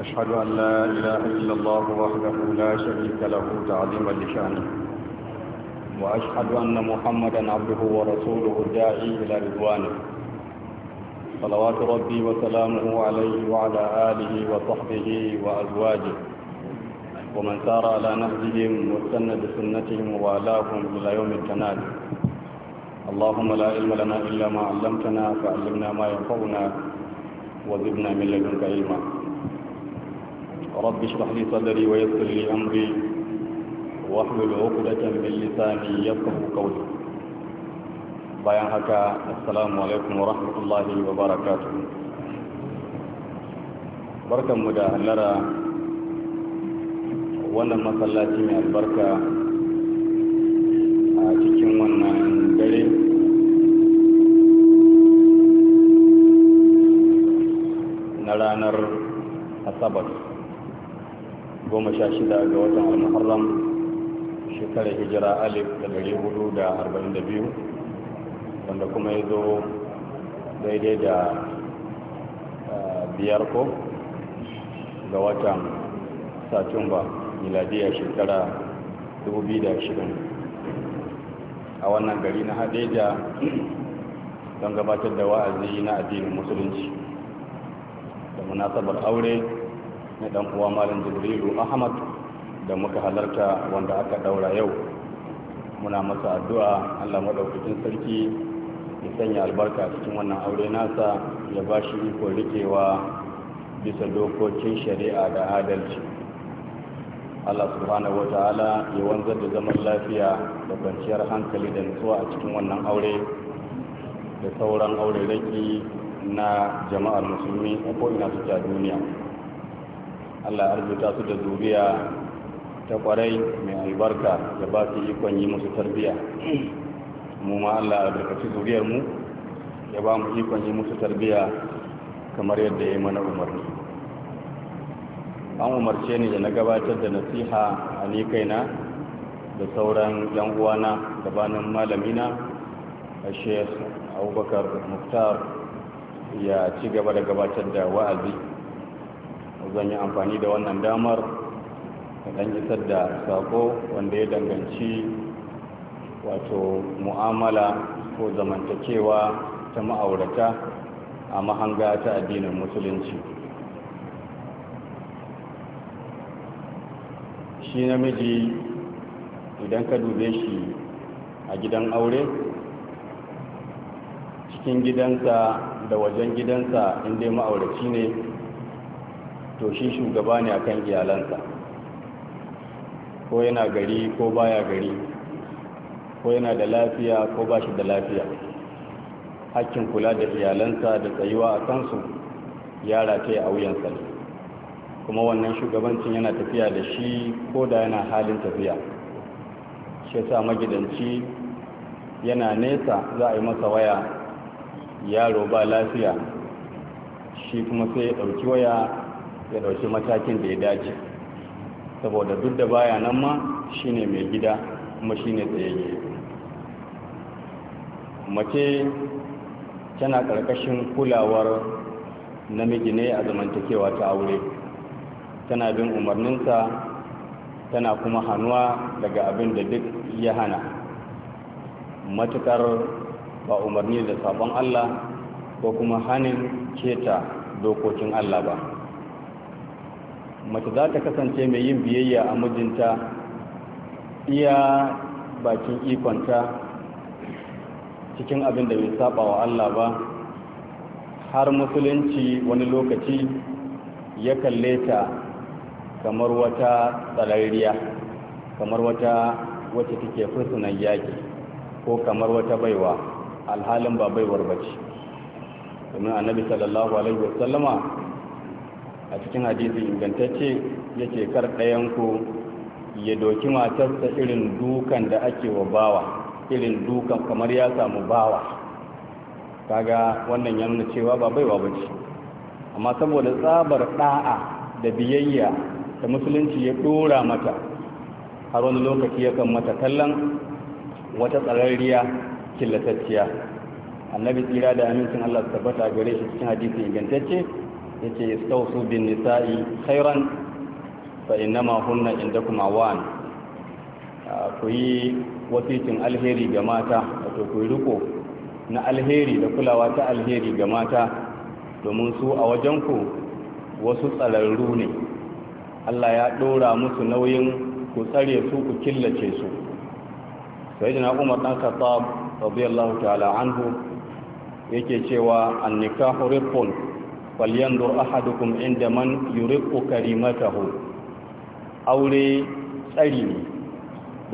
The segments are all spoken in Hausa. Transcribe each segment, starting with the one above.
أشهد أن لا إله إلا الله وحده لا شريك له تعظيما لشأنه وأشهد أن محمدا عبده ورسوله الداعي إلى رضوانه صلوات ربي وسلامه عليه وعلى آله وصحبه وأزواجه ومن سار على نهجهم واستنى بسنتهم وآلاهم إلى يوم التنادي اللهم لا علم لنا إلا ما علمتنا فعلمنا ما ينفعنا وزدنا من لدنك علما رب اشرح لي صدري ويسر لي أمري واحمل عقدة من لساني يفقه قولي بيان حكا السلام عليكم ورحمة الله وبركاته بركة مدى لرى وانا مصلاتي البركه ranar asabar goma sha shida ga watan al-muharram shekarar hijira alif da dari hudu da arba'in da biyu wanda kuma ya zo daidai da eh, biyar ko ga watan satumba miladiyar shekara 2020 a wannan gari na hadeja don gabatar da wa'azi na addinin musulunci munasabar aure na dan uwa malam jibrilu ahmad da muka halarta wanda aka daura yau muna masa addu'a allah maɗaukakin sarki ya sanya albarka cikin wannan aure nasa ya ba shi iko rikewa bisa dokokin shari'a da adalci allah subhanahu wa ta'ala ya wanzar da zaman lafiya da kwanciyar hankali da nutsuwa a cikin wannan aure da sauran aure raki na jama'ar musulmi a ko'ina su duniya allah arzuta su da zuriya ta kwarai mai albarka da ba su ikon yi musu tarbiya mu ma allah albarkaci zuriyar mu ya ba mu ikon yi musu tarbiya kamar yadda ya yi mana umarni an umarce ni da na gabatar da nasiha a ni kaina da sauran yan uwana gabanin malamina a abubakar Muktar. ya ci gaba da gabatar da wa'azi zan yi amfani da wannan damar dan isar da sako wanda ya danganci wato mu'amala ko zamantakewa ta ma'aurata a mahanga ta addinin musulunci shi namiji idan ka dube shi a gidan aure cikin gidansa da wajen gidansa inda ma'auraci ne to shi shugaba ne akan iyalansa ko yana gari ko baya gari ko yana da lafiya ko ba shi da lafiya hakkin kula da iyalansa da tsayuwa a kansu ya rataye a wuyansa kuma wannan shugabancin yana tafiya da shi ko da yana halin tafiya shi sa magidanci yana nesa za a yi masa waya yaro ba lafiya shi kuma sai ya ɗauki waya ya ɗauki matakin da ya dace saboda duk da baya nan ma shi ne mai gida kuma shi ne tsayayye mace tana ƙarƙashin kulawar namiji ne a zamantakewa ta aure tana bin umarninsa tana kuma hannuwa daga abin da duk ya hana matuƙar ba umarni da sabon Allah ko kuma hannun keta dokokin Allah ba mace za ta kasance mai yin biyayya a mijinta iya bakin ikonta cikin abin da bai saba wa Allah ba har musulunci wani lokaci ya kalle ta kamar wata tsararriya kamar wata wacce take fursunan yaƙi ko kamar wata baiwa alhalin ba baiwar bace domin annabi sallallahu alaihi wasallama a cikin hadisi ingantacce yake kar ku ya doki matarsa irin dukan da ake wa bawa irin dukan kamar ya samu bawa kaga wannan ya nuna cewa ba baiwa bace amma saboda tsabar da'a da biyayya da musulunci ya dora mata har wani lokaci yakan mata kallon wata tsararriya killatacciya annabi tsira da amincin Allah tabbata gare shi cikin hadisi ingantacce yace istawsu bin nisa'i khairan fa innama hunna indakum awan ku yi wasikin alheri ga mata wato ku riko na alheri da kulawa ta alheri ga mata domin su a wajen ku wasu tsararru ne Allah ya ɗora musu nauyin ku tsare su ku killace su sai da na ɗan kasa. radiyallahu ta'ala anhu yake cewa annikahu rifqun falyanzur ahadukum inda man yuriqu karimatahu aure tsari ne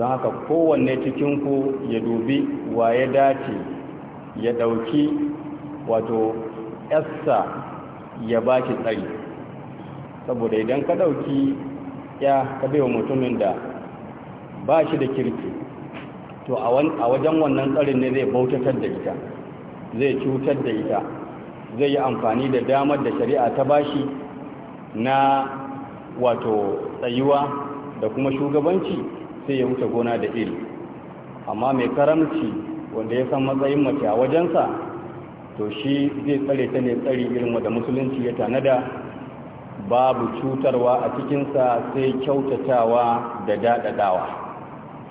don haka kowanne cikin ku ya dubi wa ya dace ya dauki wato yassa ya baki tsari saboda idan ka dauki ya ka baiwa mutumin da ba shi da kirki to a wajen wannan tsarin ne zai bautatar da ita zai cutar da ita zai yi amfani da damar da shari'a ta bashi na wato tsayuwa da kuma shugabanci sai ya wuce gona da iri amma mai karamci wanda ya san matsayin mace a wajensa to shi zai tsare ta ne tsari irin da musulunci ya tanada babu cutarwa a cikinsa sai kyautatawa da daɗaɗawa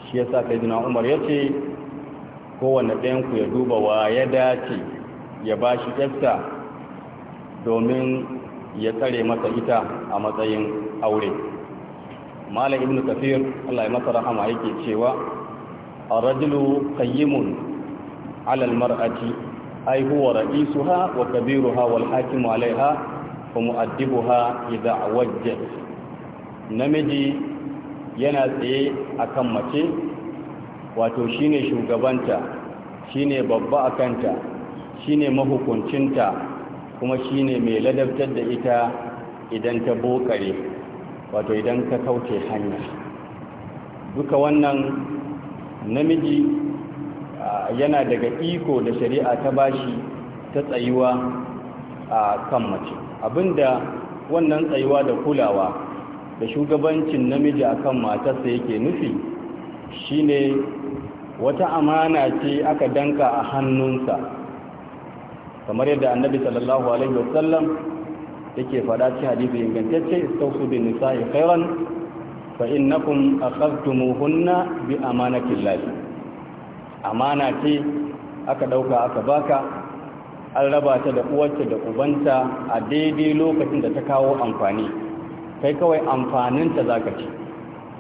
shi ya yasa sayyidina Umar yace kowanne kowane ya duba wa ya dace ya ba shi yarsa domin ya tsare masa ita a matsayin aure malam Ibn kafir Allah ya masa rahama yake cewa a rajulu qayyimun alal mar'aci, marati ay huwa ra'isuha wa kabiruha wal hakim 'alayha wa mu'addibuha idha wajjat namiji yana tsaye a kan mace wato shine shugabanta shine babba a kanta shi shine mahukuncinta kuma shine mai ladabtar da ita idan ta bokare wato idan ka kauce hanya duka wannan namiji yana daga iko da shari'a ta bashi ta tsayuwa a kan mace abinda wannan tsayuwa da kulawa da shugabancin namiji akan matarsa yake nufi shine wata amana ce aka danka a hannunsa kamar yadda annabi sallallahu alaihi wasallam yake faɗa ci hadisi ingantacce istausu bin nisa'i khairan fa innakum akhadtumuhunna bi amanatillahi amana ce aka dauka aka baka an raba ta da uwarta da ubanta a daidai lokacin da ta kawo amfani kai kawai amfaninta za ka ci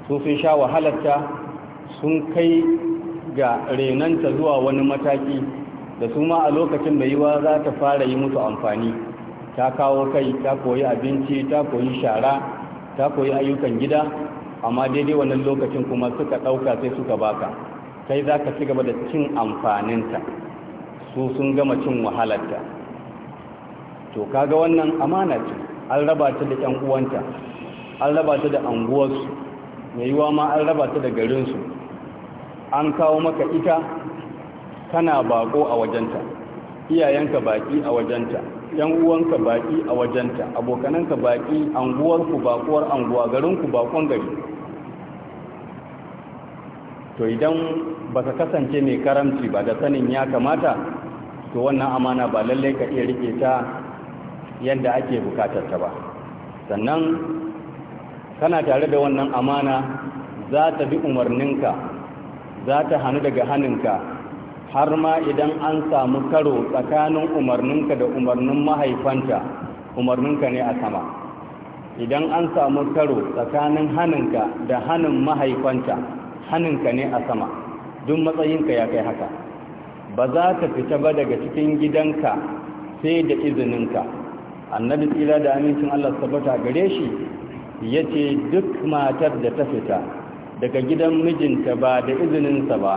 su sha wahalarta sun kai ga renanta zuwa wani mataki da su ma a lokacin da yiwa za ta fara yi musu amfani ta kawo kai ta koyi abinci ta koyi shara ta koyi ayyukan gida amma daidai wannan lokacin kuma suka ɗauka sai suka baka kai za ka ci gaba da cin amfaninta su sun gama cin wahalarta to kaga wannan amana ce an raba ta da ƴan uwanta an raba ta da anguwarsu mai yiwa ma an raba ta da garinsu an kawo maka ita kana bako a wajenta iyayenka baki a wajenta yan uwanka baki a wajenta abokananka baki anguwarku bakuwar anguwa garinku bakon gari to idan baka kasance mai karamci ba da sanin ya kamata to wannan amana ba lallai ka iya rike ta yadda ake bukatar ta ba sannan kana tare da wannan amana za ta bi umarninka za ta hannu daga hannunka har ma idan an samu karo tsakanin umarninka da umarnin mahaifanta umarninka ne a sama idan an samu karo tsakanin hannunka da hannun mahaifanta hannunka ne a sama duk matsayinka ya kai haka ba za ta fita ba daga cikin gidanka sai da izininka annabi tsira da amincin Allah tabbata gare shi ya ce duk matar da ta fita daga gidan mijinta ba da izininsa ba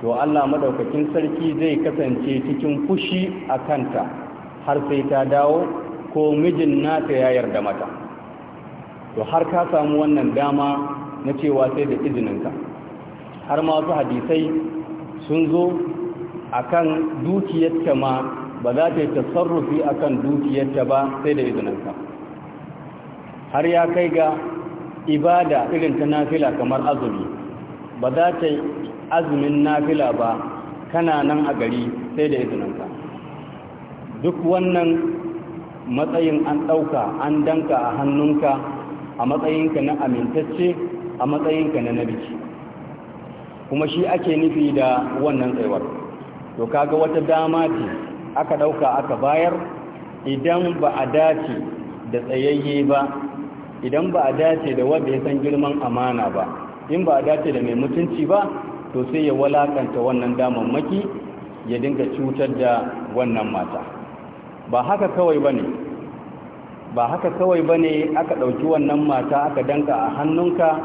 to Allah maɗaukakin sarki zai kasance cikin fushi a kanta har sai ta dawo ko mijin nata ya yarda mata to har ka samu wannan dama na cewa sai da izininka har masu hadisai sun zo a kan dukiyarta ma ba za ta yi tasarrufi a kan dukiyarta ba sai da izininka har ya kai ga ibada irin ta nafila kamar azumi ba za ta yi azumin nafila ba kana nan a gari sai da izininka duk wannan matsayin an ɗauka an danka a hannunka a matsayinka na amintacce a matsayinka na nabici kuma shi ake nufi da wannan tsayuwar to kaga wata dama ce aka ɗauka aka bayar idan ba a dace da tsayayye ba idan ba a dace da wanda ya san girman amana ba in ba a dace da mai mutunci ba to sai ya walakanta wannan damammaki ya dinga cutar da wannan mata ba haka kawai ba ne ba haka kawai ba ne aka ɗauki wannan mata aka danka a hannunka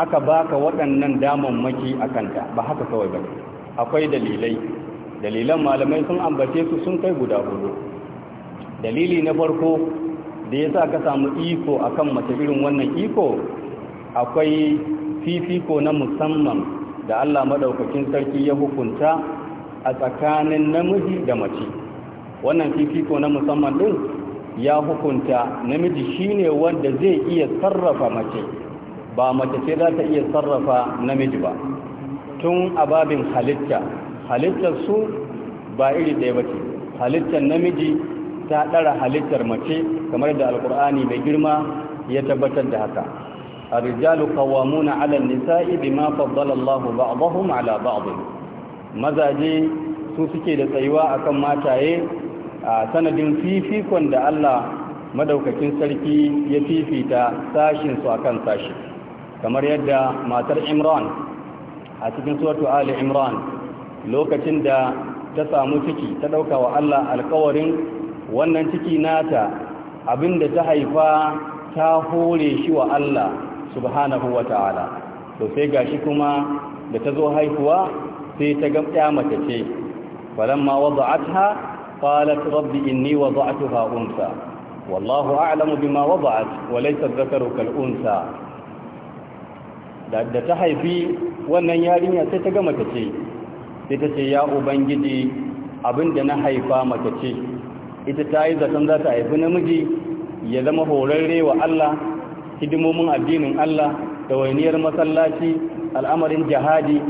aka baka waɗannan damammaki a kanta ba haka kawai ba ne akwai dalilai dalilan malamai sun ambace su sun kai guda hudu dalili na farko da ya sa ka samu iko akan mace irin wannan iko akwai fifiko na musamman da Allah madaukakin sarki ya hukunta a tsakanin namiji da mace wannan fifiko na musamman din ya hukunta namiji shine wanda zai iya sarrafa mace ba mace ce za ta iya sarrafa namiji ba tun a babin halitta halittar su ba iri ɗaya ba ce halittar namiji ta ɗara halittar mace kamar da alkur'ani mai girma ya tabbatar da haka الرجال قوامون على النساء بما فضل الله بعضهم على بعض mazaje su suke da tsayuwa akan mataye a sanadin fifikon da Allah madaukakin sarki ya fifita sashin su akan sashi kamar yadda matar Imran a cikin suratu Ali Imran lokacin da ta samu ciki ta ɗauka wa Allah alkawarin wannan ciki nata abinda ta haifa ta hore shi wa Allah subhanahu wa ta'ala to sai gashi kuma da ta zo haihuwa sai ta ga ya mace ce falamma wada'atha qalat rabbi inni wada'tuha unsa wallahu a'lamu bima wada'at wa laysa dhakaru kal unsa da ta haifi wannan yarinya sai ta ga ta ce sai ta ce ya ubangiji abinda na haifa mace ce ita ta yi zaton za ta haifi namiji ya zama horarre wa Allah hidimomin addinin Allah da wainiyar masallaci al'amarin jihadi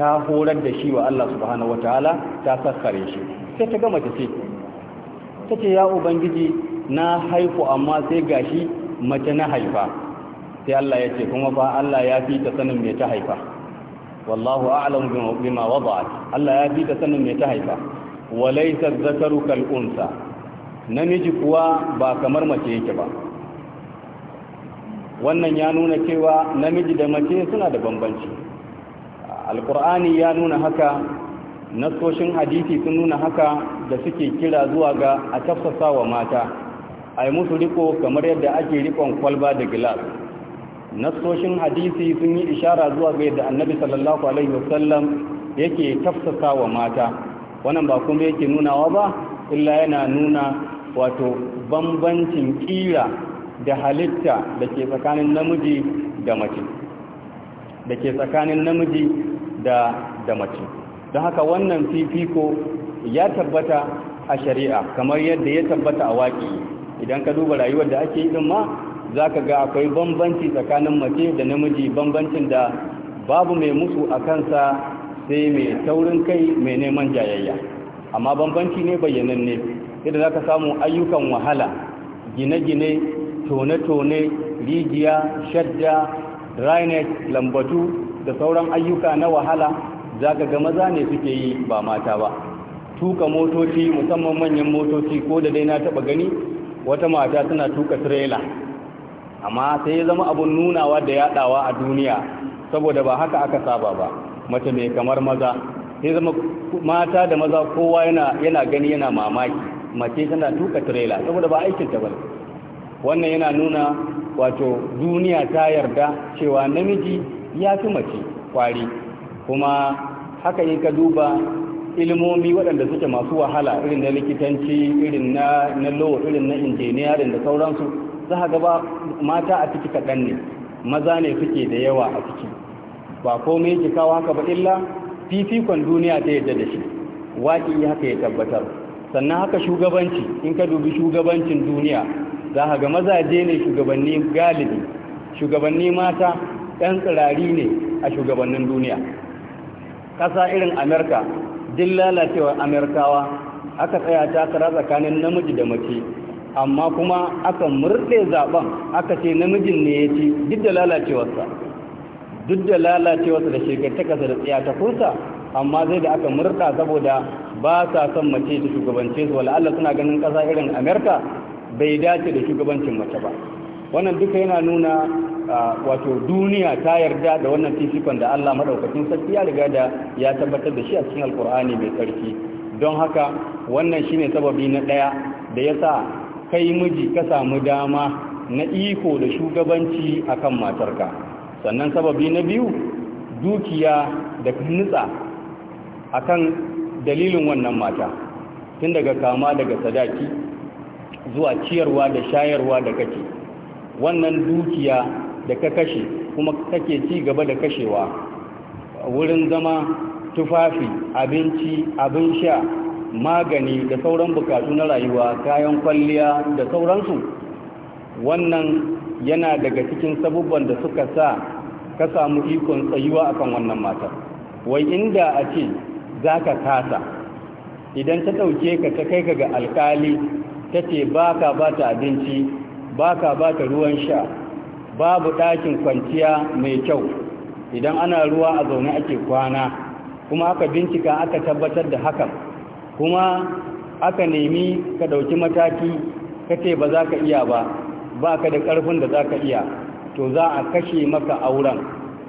ta horar da shi wa Allah subhanahu wataala ta sassare shi sai ta gama ta ce ta ce ya ubangiji na haifu amma sai gashi mace na haifa sai Allah ya ce kuma fa Allah ya fi ta sanin me ta haifa wallahu a'lamu bima wada'at Allah ya bi ta sanin me ta haifa walaysa dhakaru kal unsa namiji kuwa ba kamar mace yake ba wannan ya nuna cewa namiji da mace suna da bambanci alqur'ani ya nuna haka nasoshin hadisi sun nuna haka da suke kira zuwa ga a tafsasa wa mata ai musu riko kamar yadda ake rikon kwalba da gilas nasoshin hadisi sun yi ishara zuwa ga yadda annabi sallallahu alaihi wasallam yake tafsasa wa mata wannan ba kuma yake nunawa ba illa yana nuna wato bambancin kira da halitta da ke tsakanin namiji da mace da ke tsakanin namiji da da mace don haka wannan fifiko ya tabbata a shari'a kamar yadda ya tabbata a waƙi idan ka duba rayuwar da ake yi ma za ka ga akwai bambanci tsakanin mace da namiji bambancin da babu mai musu a kansa sai mai taurin kai mai neman jayayya amma bambanci ne ne. idan za ka samu ayyukan wahala gine-gine tone-tone rijiya shadda rainet lambatu da sauran ayyuka na wahala za ka ga maza ne suke yi ba mata ba tuka motoci musamman manyan motoci ko da dai na taba gani wata mata suna tuka tirela amma sai ya zama abun nunawa da yadawa a duniya saboda ba haka aka saba ba mace mai kamar maza sai zama mata da maza kowa yana yana gani yana mamaki mace tana tuka trailer saboda ba aikin ta bane wannan yana nuna wato duniya ta yarda cewa namiji ya fi mace kwari kuma haka in ka duba ilimomi waɗanda suke masu wahala irin na likitanci irin na na irin na engineering da sauransu za ka gaba mata a ciki kaɗan ne maza ne suke da yawa a ciki ba komai yake kawo haka ba illa fifikon duniya ta yadda da shi waƙi haka ya tabbatar sannan haka shugabanci in ka dubi shugabancin duniya za ka ga mazaje ne shugabanni galibi shugabanni mata ɗan tsirari ne a shugabannin duniya ƙasa irin amurka din lalacewa amurkawa aka tsaya takara tsakanin namiji da mace amma kuma aka murɗe zaben aka ce namijin ne ya ci duk da lalacewarsa duk da lalacewarsa da shekartakarsa da tsiyatakunsa amma zai da aka murɗa saboda ba sa son mace ta shugabance su wala'alla suna ganin ƙasa irin Amerika bai dace da shugabancin mace ba wannan duka yana nuna wato duniya ta yarda da wannan fifikon da Allah maɗaukacin sarki ya riga da ya tabbatar da shi a cikin alkur'ani mai tsarki don haka wannan shine sababi na daya da ya sa. kai miji ka samu dama na iko da shugabanci akan matarka sannan sababi na biyu dukiya da nutsa akan dalilin wannan mata tun daga kama daga sadaki zuwa ciyarwa da shayarwa da kake wannan dukiya da ka kashe kuma kake ci gaba da kashewa wurin zama tufafi abinci abin sha magani da sauran bukatu na rayuwa kayan kwalliya da sauransu wannan yana daga cikin sabubban da suka sa ka samu ikon tsayuwa akan wannan matar wai inda a ce za ka kasa idan ta ɗauke ka ta kai ka ga alkali ta ce ba ka ba ta abinci ba ka ba ta ruwan sha babu ɗakin kwanciya mai kyau idan ana ruwa a zaune ake kwana kuma aka bincika aka tabbatar da hakan kuma aka nemi ka ɗauki mataki ka ce ba za ka iya ba ba ka da ƙarfin da za ka iya to za a kashe maka auren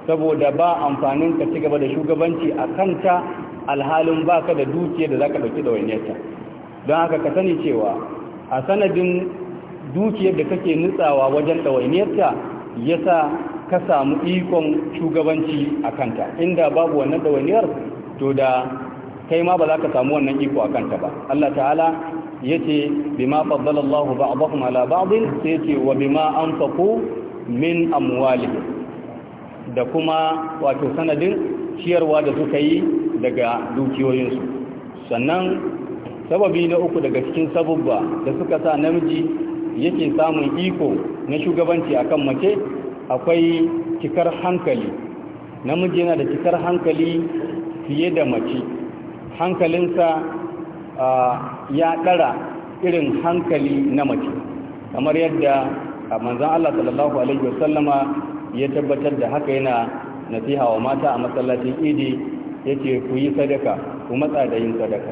saboda ba amfanin ka ci gaba da shugabanci a kanta alhalin ba ka da dukiyar da za ka ɗauki ɗawainiyarta don haka ka sani cewa a sanadin dukiyar da kake nutsawa wajen ɗawainiyarta ya sa ka samu ikon shugabanci a kanta inda babu wannan ɗawainiyar to da kai ma ba za ka samu wannan iko a kanta ba Allah ta'ala ya ce bima faddala Allah ba'dahum ala ba'din sai ce wa bima anfaqu min amwalihim da kuma wato sanadin ciyarwa da suka yi daga dukiyoyinsu sannan sababi na uku daga cikin sabubba da suka sa namiji yake samun iko na shugabanci akan mace akwai cikar hankali namiji yana da cikar hankali fiye da mace hankalinsa ya ɗara irin hankali na mace kamar yadda manzan Allah sallallahu Alaihi wasallama ya tabbatar da haka yana nasiha wa mata a matsalacin idi ya ce ku yi sadaka ku matsa da yin sadaka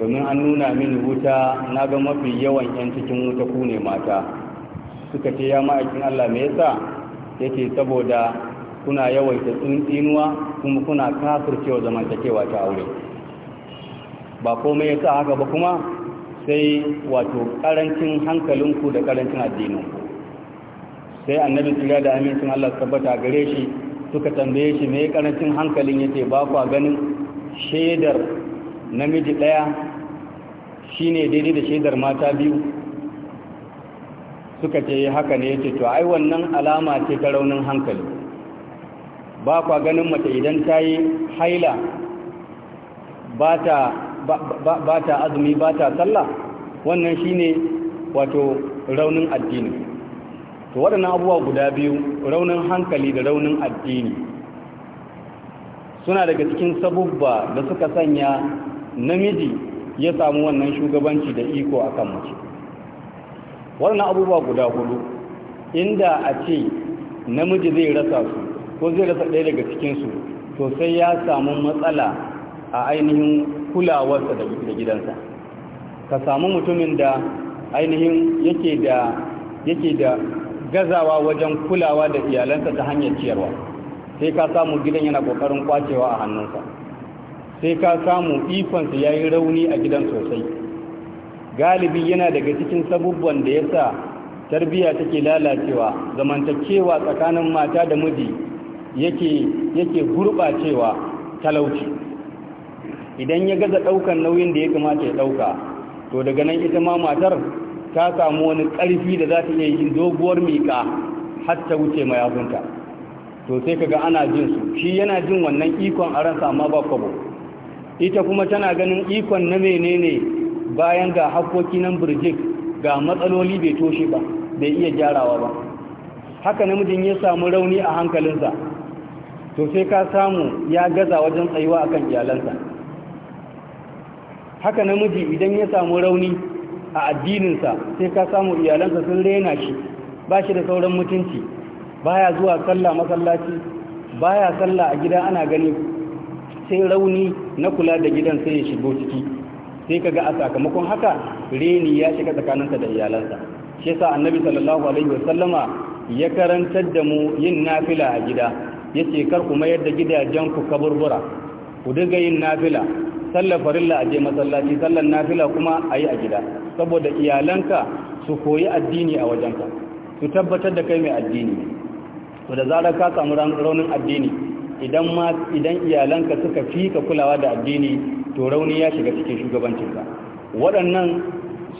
domin an nuna mini wuta na ga mafi yawan 'yan cikin wuta ku ne mata suka ce ya ma'aikin Allah me yasa ya ce saboda kuna yawaita tsuntsinuwa kuma kuna kafircewa zamantakewa ta aure ba komai ya sa haka ba kuma sai wato karancin hankalinku da karancin addininku sai annabi tsira da amincin Allah tabbata gare shi suka tambaye shi me karancin hankalin ya ce ba kwa ganin shaidar namiji shi shine daidai da shaidar mata biyu suka ce eh, haka ne ya ce to ai wannan alama ce ta raunin hankali ba kwa ganin mace idan ta yi haila ba ta ba ta azumi ba ta sallah wannan shine wato raunin addini to waɗannan abubuwa guda biyu raunin hankali da raunin addini suna daga cikin sabubba da suka sanya namiji ya samu wannan shugabanci da iko kan mace waɗannan abubuwa guda hudu inda a ce namiji zai rasa su ko zai rasa ɗaya daga cikinsu to sai ya samu matsala a ainihin kulawarsa da gidansa ka samu mutumin da ainihin yake da yake da gazawa wajen kulawa da iyalansa ta hanyar ciyarwa sai ka samu gidan yana kokarin kwacewa a hannunsa sai ka samu ikonsa ya yi rauni a gidan sosai galibi yana daga cikin sabubban da ya sa tarbiyya take lalacewa zamantakewa tsakanin mata da miji yake yake gurɓacewa talauci idan ya gaza ɗaukan nauyin da ya kamata ya ɗauka to daga nan ita ma matar ta samu wani ƙarfi da za ta iya yin doguwar miƙa har ta wuce mayafinta to sai kaga ana jin su shi yana jin wannan ikon a ransa amma ba kwabo ita kuma tana ganin ikon na menene bayan ga hakkoki nan birjik ga matsaloli bai toshe ba bai iya gyarawa ba haka namijin ya samu rauni a hankalinsa to sai ka samu ya gaza wajen tsayuwa akan iyalansa haka namiji idan ya samu rauni a addininsa sai ka samu iyalansa sun rena shi ba shi da sauran mutunci baya zuwa sallah masallaci baya sallah a gida ana gani sai rauni na kula da gidan sai ya shigo ciki sai ka ga a sakamakon haka reni ya shiga tsakaninsa da iyalansa shi yasa annabi sallallahu alaihi wasallama ya karantar da mu yin nafila a gida yace kar ku mayar da gidajen ku kaburbura ku daga yin nafila sallar farilla a je masallaci sallar nafila kuma a yi a gida saboda iyalanka su koyi addini a wajenka su tabbatar da kai mai addini to da zarar ka samu raunin addini idan idan iyalanka suka fi ka kulawa da addini to rauni ya shiga cikin shugabancinka waɗannan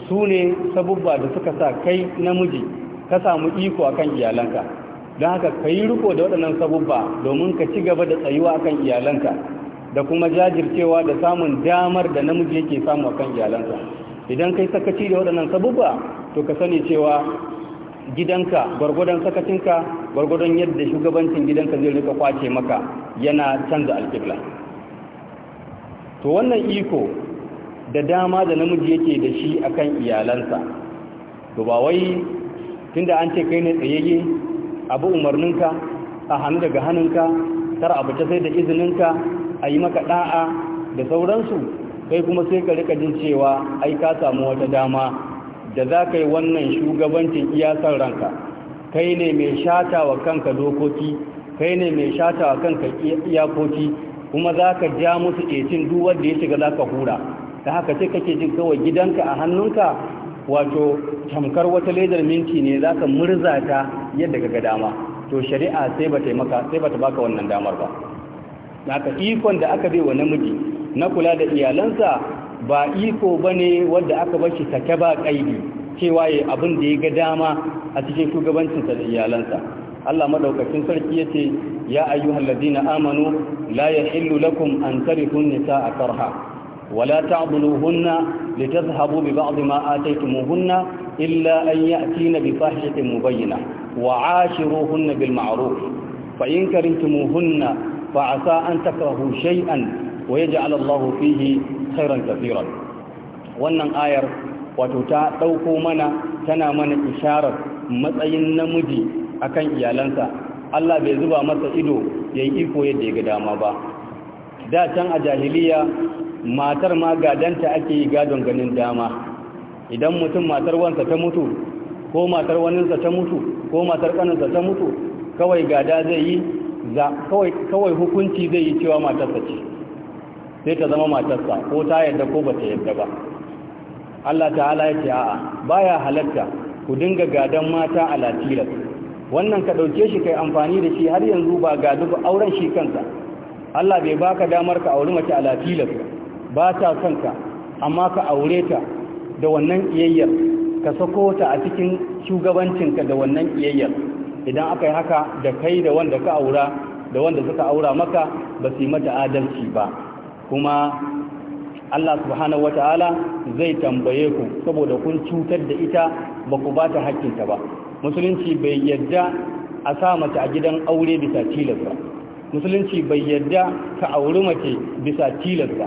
su ne sabubba da suka sa kai namiji ka samu iko akan iyalanka don haka ka yi riko da waɗannan sabubba domin ka ci gaba da tsayuwa akan iyalanka da kuma jajircewa da samun damar da namiji yake samu a kan iyalansa idan kai sakaci da waɗannan sabubba to ka sani cewa gidanka gwargwadon sakacinka gwargwadon yadda shugabancin gidanka zai rika kwace maka yana canza alƙibla to wannan iko da dama da namiji yake da shi akan iyalansa to ba wai tunda an ce kai ne tsayayye abu umarninka a hannu daga hannunka tara abu ta sai da izininka a yi maka ɗa'a da sauransu kai kuma sai ka rika jin cewa ai ka samu wata dama da za ka yi wannan shugabancin iyasar ranka kai ne mai shata wa kanka dokoki kai ne mai shata wa kanka iyakoki kuma za ka ja musu ƙetin duk da ya shiga za ka hura ta haka sai kake jin kawai gidanka a hannunka wato tamkar wata ledar minti ne za ka murza ta yadda ga dama to shari'a sai ba ta baka wannan damar ba haka ikon da aka bai wa namiji na kula da iyalansa ba iko bane wanda aka bar shi take ba kaidi cewa yayi abin da ya ga dama a cikin shugabancinsa da iyalansa Allah maɗaukacin sarki yace ya ayyuhallazina amanu la yahillu lakum an tarithun a karha ولا تعضلوهن لتذهبوا ببعض ما آتيتموهن إلا أن يأتين بفاحشة مبينة وعاشروهن بالمعروف فإن كرهتموهن فعسى أن تكرهوا شيئا ويجعل الله فيه خيرا كثيرا wannan ayar wato ta ɗauko mana tana mana isharar matsayin namiji akan iyalansa Allah bai zuba masa ido yayi iko yadda ya ga dama ba da can a jahiliya matar ma gadanta ake yi gadon ganin dama idan mutum matar wansa ta mutu ko matar waninsa ta mutu ko matar kaninsa ta mutu kawai gada zai yi ga kawai hukunci zai yi cewa matarsa ce sai ta zama matarsa ko ta yadda ko ba ta yadda ba Allah ta'ala ya ce a'a ya halatta ku dinga gadon mata a latilas wannan ka ɗauke shi kai amfani da shi har yanzu ba gadu ba auren shi kansa Allah bai baka damar ka auri mace a latilas ba ta kanka ka amma ka aure ta da wannan iyayyar ka sako ta a cikin shugabancinka da wannan iyayyar idan aka yi haka da kai da wanda ka aura da wanda suka aura maka ba su yi mata adalci ba kuma Allah subhanahu wata'ala zai tambaye ku saboda kun cutar da ita ba ku ba ta haƙƙinta ba musulunci bai yadda a sa mace a gidan aure bisa tilas ba musulunci bai yadda ka auri mace bisa tilas ba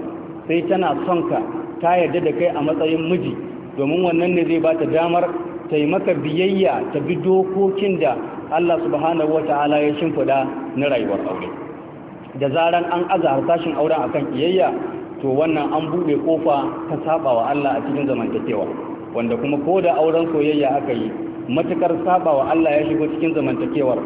sai tana son ka ta yadda da kai a matsayin miji domin wannan ne zai ba ta damar taimaka biyayya ta bi dokokin da Allah subhanahu wata'ala ya shimfida na rayuwar aure da zaran an aza harsashin auren akan iyayya to wannan an buɗe kofa ta sabawa Allah a cikin zamantakewa wanda kuma ko da auren soyayya aka yi matukar sabawa Allah ya shigo cikin zamantakewar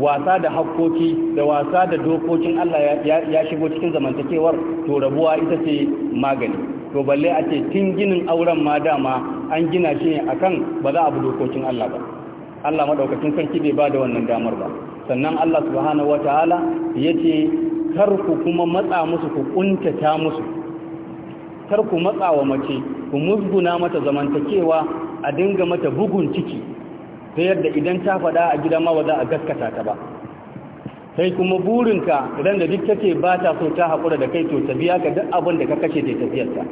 wasa da hakkoki da wasa da dokokin Allah ya shigo cikin zamantakewar to rabuwa ita ce magani to balle a ce tun ginin auren ma dama an gina shi akan ba za a bi dokokin Allah ba Allah madaukakin sarki bai ba da wannan damar ba sannan Allah subhanahu wataala yace kar ku kuma matsa musu ku kuntata musu kar ku matsa wa mace ku musguna mata zamantakewa a dinga mata bugun ciki ta yadda idan ta fada a gida ma ba za a gaskata ta ba sai kuma burinka idan da duk take ba ta so ta haƙura da kai to ta biya ka duk abin da ka kashe ta tafiyarta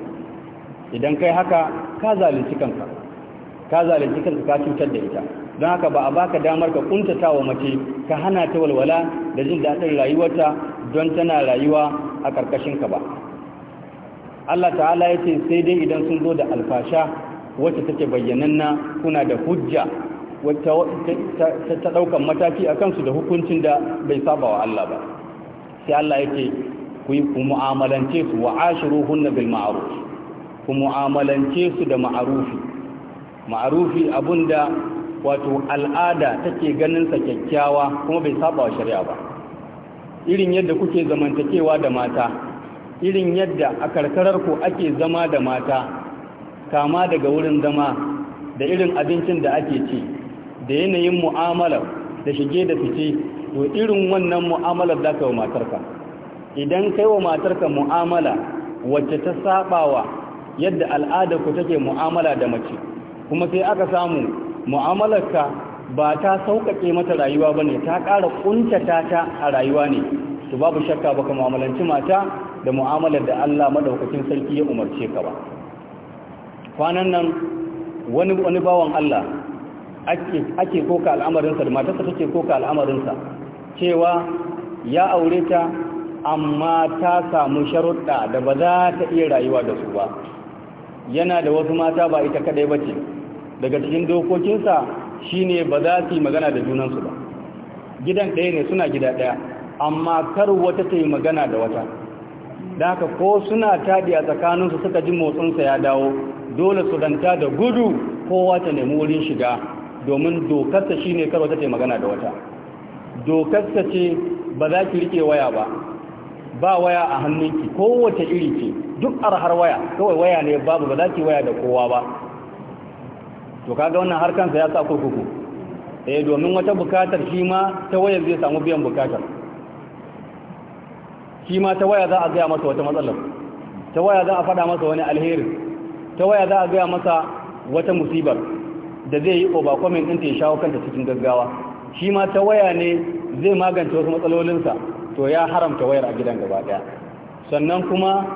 idan kai haka ka zalunci kanka ka zalunci kanka ka cutar da ita don haka ba a baka damar ka kuntata wa mace ka hana ta walwala da jin daɗin rayuwarta don tana rayuwa a ƙarƙashin ka ba Allah ta'ala ya ce sai dai idan sun zo da alfasha wacce take bayyananna kuna da hujja ta ɗaukar mataki a kansu da hukuncin da bai saba wa Allah ba sai Allah ya ce ku yi mu'amalance su wa ashiru hunna bil ma'ruf ku mu'amalance su da ma'arufi ma'arufi abunda wato al'ada take ganinsa kyakkyawa kuma bai saba wa shari'a ba irin yadda kuke zamantakewa da mata irin yadda a karkararku ake zama da mata kama daga wurin zama da irin abincin da ake ci da yanayin mu'amalar da shige da fice to irin wannan mu'amalar za ka wa matarka idan kai wa matarka mu'amala wacce ta sabawa yadda al'adarku take mu'amala da mace kuma sai aka samu mu'amalarka ba ta sauƙaƙe mata rayuwa ba ne ta ƙara ƙuntata ta a rayuwa ne to babu shakka baka mu'amalanci mata da mu'amalar da Allah madaukakin sarki ya umarce ka ba kwanan nan wani wani bawan Allah ake ake koka al'amarinsa da matarsa take koka al'amarinsa cewa ya aure ta amma ta samu sharuɗa da ba za ta iya rayuwa da su ba yana da wasu mata ba ita kadai bace daga cikin dokokinsa shi ne ba za su yi magana da junansu ba gidan ɗaya ne suna gida ɗaya amma kar wata ta yi magana da wata da haka ko suna taɗi a tsakaninsu suka ji motsinsa ya dawo dole su danta da gudu kowa ta nemi wurin shiga domin dokarsa ne kar wata ta yi magana da wata dokarsa ce ba za ki rike waya ba ba waya a hannunki kowace iri ce duk arhar waya kawai waya ne babu ba za ki waya da kowa ba to kaga wannan har kansa ya sa kurkuku eh domin wata bukatar shi ma ta waya zai samu biyan bukatar shi ma ta waya za a gaya masa wata matsalar ta waya za a faɗa masa wani alheri ta waya za a gaya masa wata musibar da zai yi overcoming ta ya shawo kanta cikin gaggawa shi ma ta waya ne zai magance wasu matsalolinsa to ya haramta wayar a gidan gaba ɗaya sannan kuma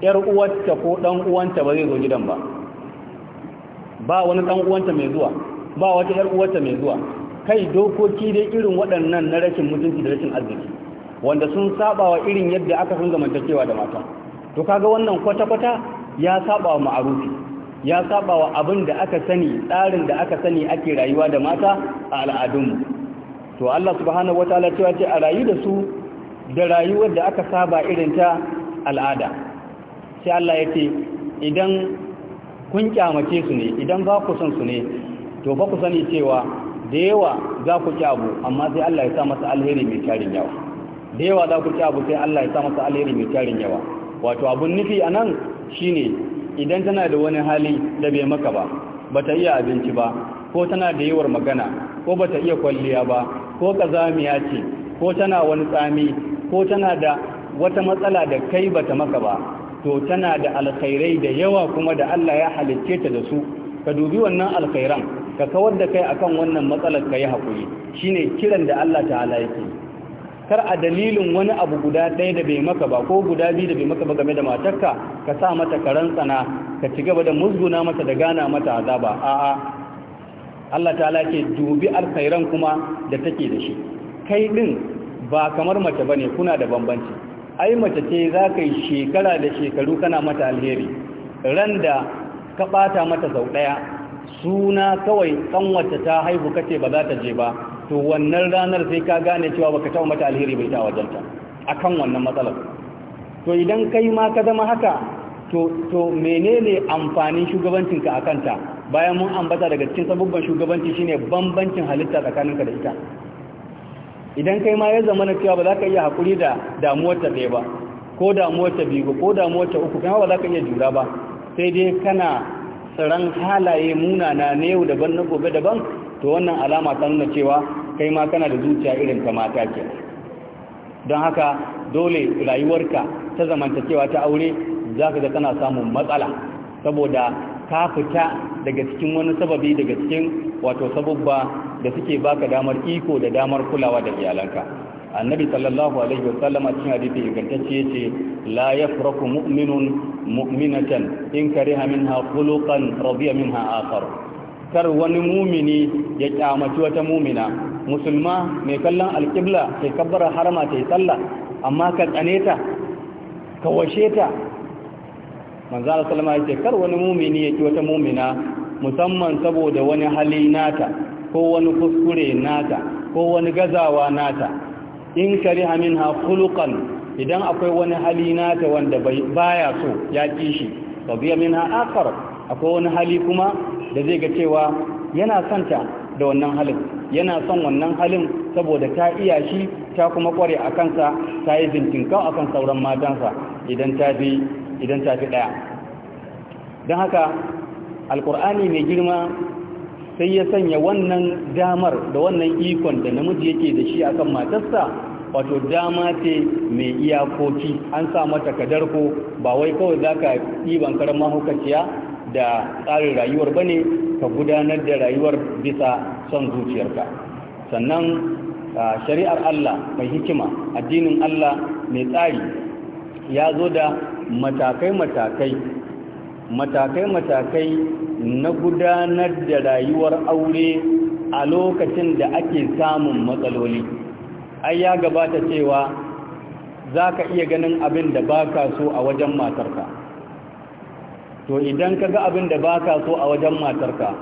‘yar uwarta ko ɗan uwanta ba zai zo gidan ba ba wani ɗan uwanta mai zuwa ba wata ƴar uwanta mai zuwa kai dokoki dai irin waɗannan na rashin mutunci da rashin arziki wanda sun saba wa irin yadda aka san zamantakewa da mata to kaga wannan kwata-kwata ya saba wa ma'arufi ya saba wa abin da aka sani tsarin da aka sani ake rayuwa da mata a al'adunmu to Allah subhanahu wataala cewa ce a rayu da su da rayuwar da aka saba irin ta al'ada sai Allah ya ce idan kun kyamace su ne idan ba ku son su ne to ba ku sani cewa da yawa za ku kyabu amma sai Allah ya sa masa alheri mai tarin yawa da yawa za ku kyabu sai Allah ya sa masa alheri mai tarin yawa wato abun nufi a nan shine idan tana da wani hali da bai maka ba ba ta iya abinci ba ko tana da yawar magana ko ba ta iya kwalliya ba ko kazamiya ce ko tana wani tsami ko tana da wata matsala da kai bata maka ba to tana da alkhairai da yawa kuma da Allah ya halicce ta da su ka dubi wannan alkhairan ka kawar da kai akan wannan matsalar ka yi haƙuri shine kiran da Allah ta'ala yake kar a dalilin wani abu guda ɗaya da bai maka ba ko guda biyu da bai maka ba game da matarka ka sa mata karan tsana ka ci gaba da musguna mata da gana mata azaba a'a Allah ta'ala ce dubi alkhairan kuma da take da shi kai din ba kamar mace bane kuna da bambanci ai mace ce za ka yi shekara da shekaru kana mata alheri ran da ka ɓata mata sau ɗaya suna kawai wacce ta haihu kace ba za ta je ba to wannan ranar sai ka gane cewa baka taɓa mata alheri bai ta wajenta akan wannan matsalar to idan kai ma ka zama haka to to menene amfanin shugabancinka a kanta bayan mun ambata daga cikin sabubban shugabanci shine bambancin halitta tsakaninka da ita idan kai ma ya zama na cewa ba za ka iya haƙuri da damuwar ta ɗaya ba ko damuwar ta biyu ko damuwar ta uku kai ba za ka iya jura ba sai dai kana tsaron halaye munana na yau daban na gobe daban to wannan alama ta nuna cewa kai ma kana da zuciya irin ta mata ke don haka dole rayuwarka ta zamanta cewa ta aure za ka ga kana samun matsala saboda ka fita daga cikin wani sababi daga cikin wato sabubba da suke baka damar iko da damar kulawa da iyalanka annabi sallallahu alaihi wasallam a cikin hadisi ingantacce yace la yafraku mu'minun mu'minatan in kariha minha khuluqan radiya minha akhar kar wani mumini ya kyamaci wata mumina musulma mai kallon alƙibla sai kabbara harama ta yi sallah amma ka tsane ta ka washe ta manzo Allah sallama yace kar wani mumini ya ki wata mumina musamman saboda wani hali nata ko wani kuskure nata ko wani gazawa nata in kariha minha khuluqan idan akwai wani hali nata wanda baya so ya ki shi biya minha akhar akwai wani hali kuma da zai ga cewa yana santa da wannan halin yana son wannan halin saboda ta iya shi ta kuma kware a kansa ta yi zintinkau a kan sauran matansa idan ta fi idan ta fi ɗaya don haka alkur'ani mai girma sai ya sanya wannan damar da wannan ikon da namiji yake da shi akan matarsa wato dama ce mai iyakoki an sa mata kadarko ba wai kawai za ka yi karan mahaukaciya da tsarin rayuwar bane ka gudanar da rayuwar bisa son zuciyarka sannan shari'ar Allah mai hikima addinin Allah mai tsari ya zo da matakai-matakai matakai-matakai na gudanar da rayuwar aure a lokacin da ake samun matsaloli ai ya gabata cewa za ka iya ganin abin da baka so a wajen matarka to idan ka ga abin da baka so a wajen matarka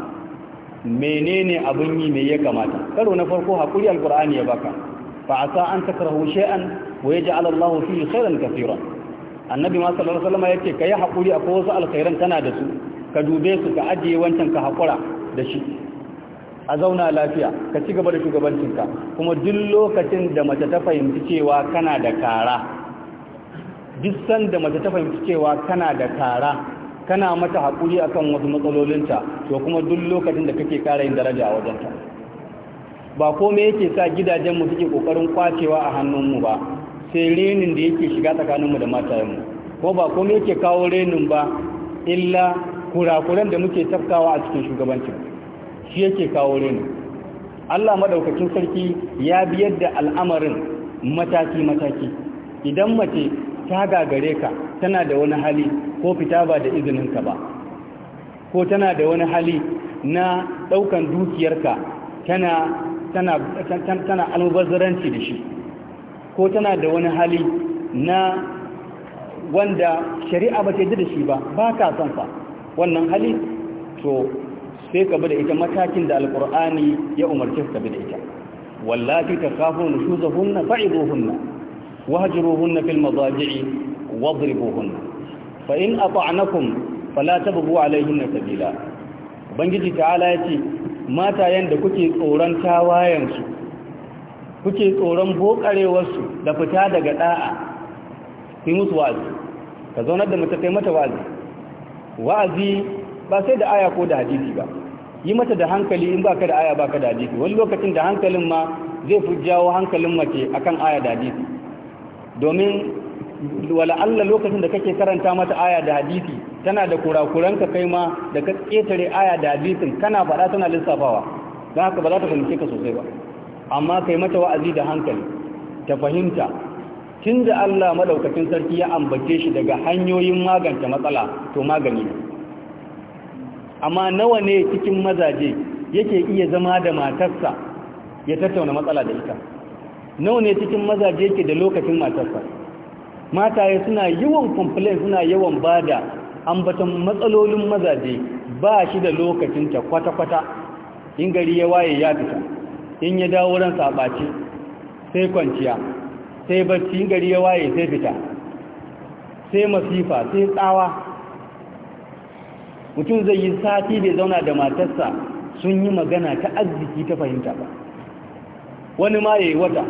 menene abin yi mai ya kamata karo na farko haƙuri alƙur'ani ya baka fa asa an takrahu shay'an wa yaj'al Allahu fihi khairan kaseeran annabi ma sallallahu alaihi wasallam yace kai hakuri akwai wasu alkhairan kana da su ka dube su ka ajiye wancan ka hakura da shi a zauna lafiya ka ci gaba da shugabancinka kuma duk lokacin da mace ta fahimci cewa kana da kara duk san da mace ta fahimci cewa kana da kara kana mata hakuri akan wasu matsalolinta to kuma duk lokacin da kake kara yin daraja a wajenta ba komai yake sa gidajenmu suke kokarin kwacewa a hannunmu ba sai renin da yake shiga tsakaninmu da matayenmu ko ba kuma yake kawo renin ba illa kurakuran da muke tafkawa a cikin shugabancin shi yake kawo renin Allah madaukakin sarki ya biyar da al'amarin mataki-mataki idan mace ta gagare ka tana da wani hali ko fita ba da izininka ba ko tana da wani hali na ɗaukan dukiyarka tana tana tana almubazzaranci da shi ko tana da wani hali na wanda shari'a ba ta yi da shi ba ba ka son fa wannan hali to sai ka bi da ita matakin da alkur'ani ya umarce ka bi da ita wallati takafun nushuzuhunna fa'iduhunna wahjuruhunna fil madaji'i wadribuhunna fa in ata'nakum fala tabghu alayhinna sabila ubangiji ta'ala yace mata yanda kuke tsoron tawayen su kuke tsoron bokarewarsu da fita daga da'a ku musu wa'azi ka zaunar da mata kai mata wa'azi wa'azi ba sai da aya ko da hadisi ba yi mata da hankali in baka da aya baka da hadisi wani lokacin da hankalin ma zai fi jawo hankalin mace akan aya da hadisi domin wala lokacin da kake karanta mata aya da hadisi tana da kurakuran ka kai ma da ka ketare aya da hadisin kana faɗa tana lissafawa don haka ba za ta fahimce ka sosai ba amma kai mata wa'azi da hankali ta fahimta tun da Allah maɗaukacin sarki ya ambace shi daga hanyoyin magance matsala to magani ne amma nawa ne cikin mazaje yake iya zama da matarsa ya tattauna matsala da ita nawa ne cikin mazaje yake da lokacin matarsa mataye suna yawan complain suna yawan bada ambatan matsalolin mazaje ba shi da lokacin ta kwata-kwata in gari ya waye ya fita in ya dawo ran sabaci sai kwanciya sai bacci gari ya waye sai fita sai masifa sai tsawa mutum zai yi sati bai zauna da matarsa sun yi magana ta arziki ta fahimta ba wani ma ya yi wata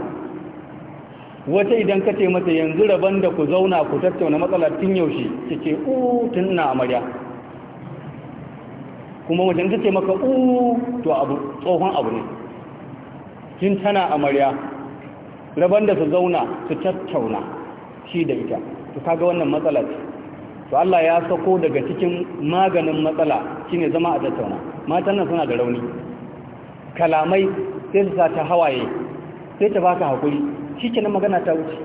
wata idan ka ce mata yanzu rabon da ku zauna ku tattauna matsalar tun yaushe ki ce u tun na amarya kuma wajen ta ce maka u to abu tsohon abu ne tun tana amarya raban da su zauna su tattauna shi da ita su kaga wannan matsala ce su Allah ya sako daga cikin maganin matsala shi ne zama a tattauna matan nan suna da rauni kalamai sai su ta hawaye sai ta baka hakuri na magana ta wuce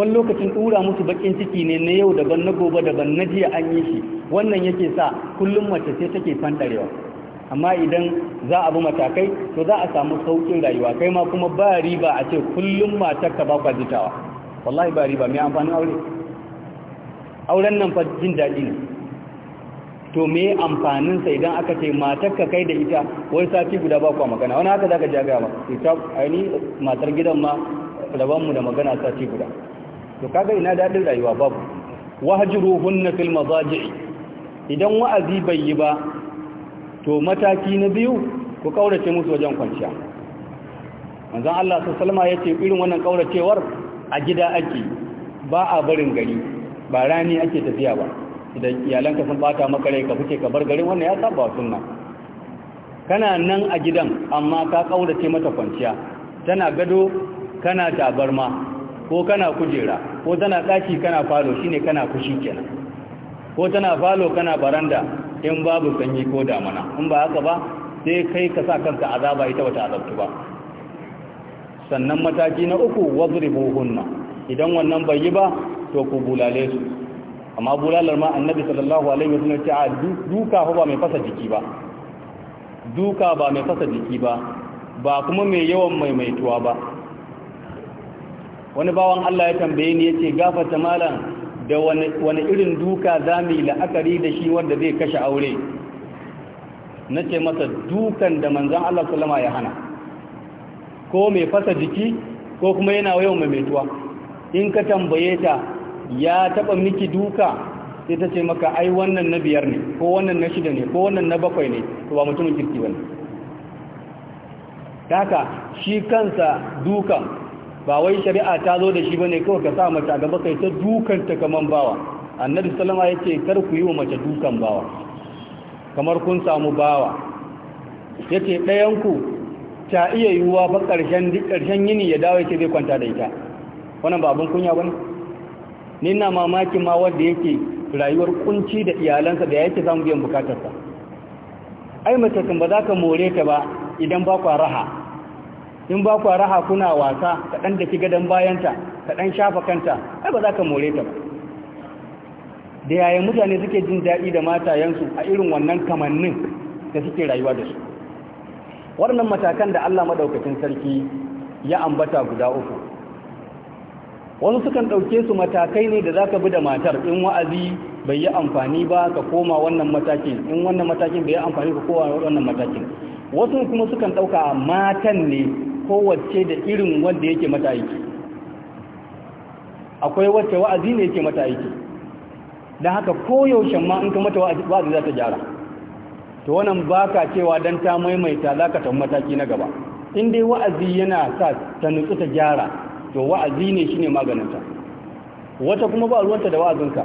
wani lokacin dura musu bakin ciki ne na yau daban na gobe daban na jiya an yi shi wannan yake sa kullum mace sai take fanɗarewa. amma idan za a bi matakai to za a samu saukin rayuwa kai ma kuma ba riba a ce kullum matar ka ba kwa jitawa wallahi ba riba mai amfanin aure auren nan fa jin daɗi ne to me amfanin sa idan aka ce matar ka kai da ita wai sati guda ba kwa magana wani haka zaka jaga ba ita aini matar gidan ma raban mu da magana sati guda to kaga ina daɗin rayuwa babu wahjuruhunna fil mazaji idan wa'azi bai yi ba to mataki na biyu ku kaurace musu wajen kwanciya manzon Allah sallama yace irin wannan kauracewar a gida ake ba a barin gari ba rani ake tafiya ba idan iyalanka sun bata maka rai ka fice ka bar garin wannan ya saba sunna kana nan a gidan amma ka kaurace mata kwanciya tana gado kana tabarma ko kana kujera ko tana daki kana falo shine kana kushi kenan ko tana falo kana baranda in babu sanyi ko damana in ba haka ba sai kai ka sa kanka azaba ita bata azabtu ba sannan mataki na uku wazribuhunna idan wannan bai yi ba to ku bulale su amma bulalar ma annabi sallallahu alaihi wasallam ce duka ba mai fasa jiki ba duka ba mai fasa jiki ba ba kuma mai yawan maimaituwa ba wani bawan Allah ya tambaye ni yace gafata malam da wani irin duka za mu yi la'akari da shi wanda zai kashe aure na ce masa dukan da manzan Allah sallama ya hana ko mai fasa jiki ko kuma yana yawan maimaituwa in ka tambaye ta ya taba miki duka sai ta ce maka ai wannan na biyar ne ko wannan na shida ne ko wannan na bakwai ne to ba mutumin kirki bane haka shi kansa dukan ba wai shari'a ta zo da shi ba ne kawai ka sa mace a gaba kai ta dukan ta kaman bawa annabi ya yake kar ku yi wa mace dukan bawa kamar kun samu bawa yace ɗayan ku ta iya yiwuwa ba ƙarshen yini ya dawo ce zai kwanta da ita wannan ba abun kunya bane ni na mamakin ma wanda yake rayuwar kunci da iyalansa da yake samu biyan bukatarsa ai mace kan ba za ka more ta ba idan ba kwa raha in ba ku raha kuna wasa ka da daki gadon bayanta kaɗan shafa kanta ai ba za ka more ta ba da yayin mutane suke jin daɗi da matayensu a irin wannan kamannin da suke rayuwa da su waɗannan matakan da Allah maɗaukacin sarki ya ambata guda uku wasu sukan ɗauke su matakai ne da za ka bi da matar in wa'azi bai yi amfani ba ka koma wannan matakin in wannan matakin bai yi amfani ka koma wannan matakin wasu kuma sukan ɗauka matan ne kowace da irin wanda yake mata aiki akwai wacce wa'azi ne yake mata aiki don haka koyaushe ma in ka mata wa'azi za ta gyara to wannan ba ka cewa don ta maimaita za ka tafi mataki na gaba in dai wa'azi yana sa ta nutsu ta gyara to wa'azi ne shine maganinta wata kuma ba ruwanta da wa'azinka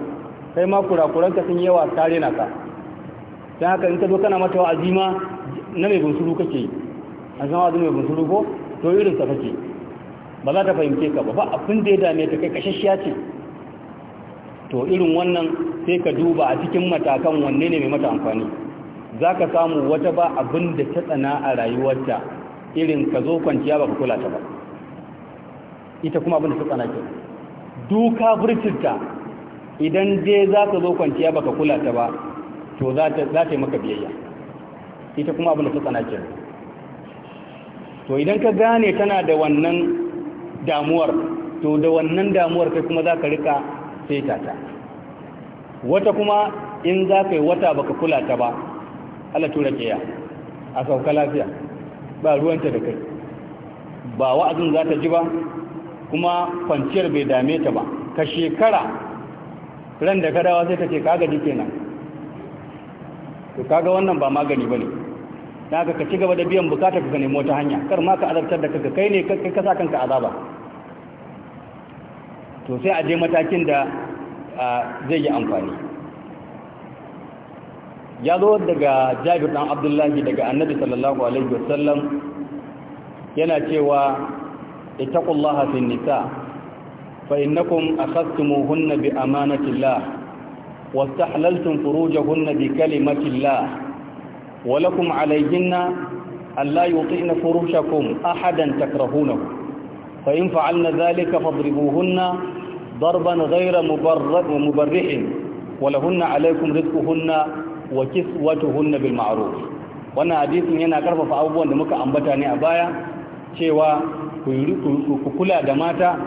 kai ma kurakuranka sun yawa kare na ka don haka in ka zo kana mata wa'azi ma na mai bunsuru kake yi an zama wa'azi mai bunsuru ko to yi rinsa kake ba za ta fahimce ka ba ba abin da ya dame ta kai kashashiya ce to irin wannan sai ka duba a cikin matakan wanne ne mai mata amfani za ka samu wata ba abin da ta tsana a rayuwarta irin ka zo kwanciya ba ka kula ta ba ita kuma abin da ta tsana ke duka bircinta idan dai za ka zo kwanciya ba ka kula ta ba to za ta yi maka biyayya ita kuma abin da ta tsana ke to idan ka gane tana da wannan damuwar to da wannan damuwar kai kuma za ka rika saita ta wata kuma in za ka yi wata baka kula ta ba ala tura keya a sauka lafiya ba ruwanta da kai ba wa'azin za ta ji ba kuma kwanciyar bai dame ta ba ka shekara ran da kadawa sai ta ce kaga jike nan, to kaga wannan ba magani ba ne da aka ka ci gaba da biyan bukata ka nemo ta hanya kar ma ka azabtar da kanka kai ne kai ka sa kanka azaba to sai a je matakin da zai yi amfani ya zo daga jabir dan abdullahi daga annabi sallallahu alaihi wasallam yana cewa ittaqullaha fin nisa fa innakum akhadtumuhunna bi amanatillah واستحللتم bi بكلمة الله ولكم عليهن أن لا يطئن فرشكم أحدا تكرهونه فإن فعلن ذلك فاضربوهن ضربا غير مبرح ولهن عليكم رزقهن وكسوتهن بالمعروف wannan hadisin yana karfafa abubuwan da muka ambata ni a baya cewa ku kula da mata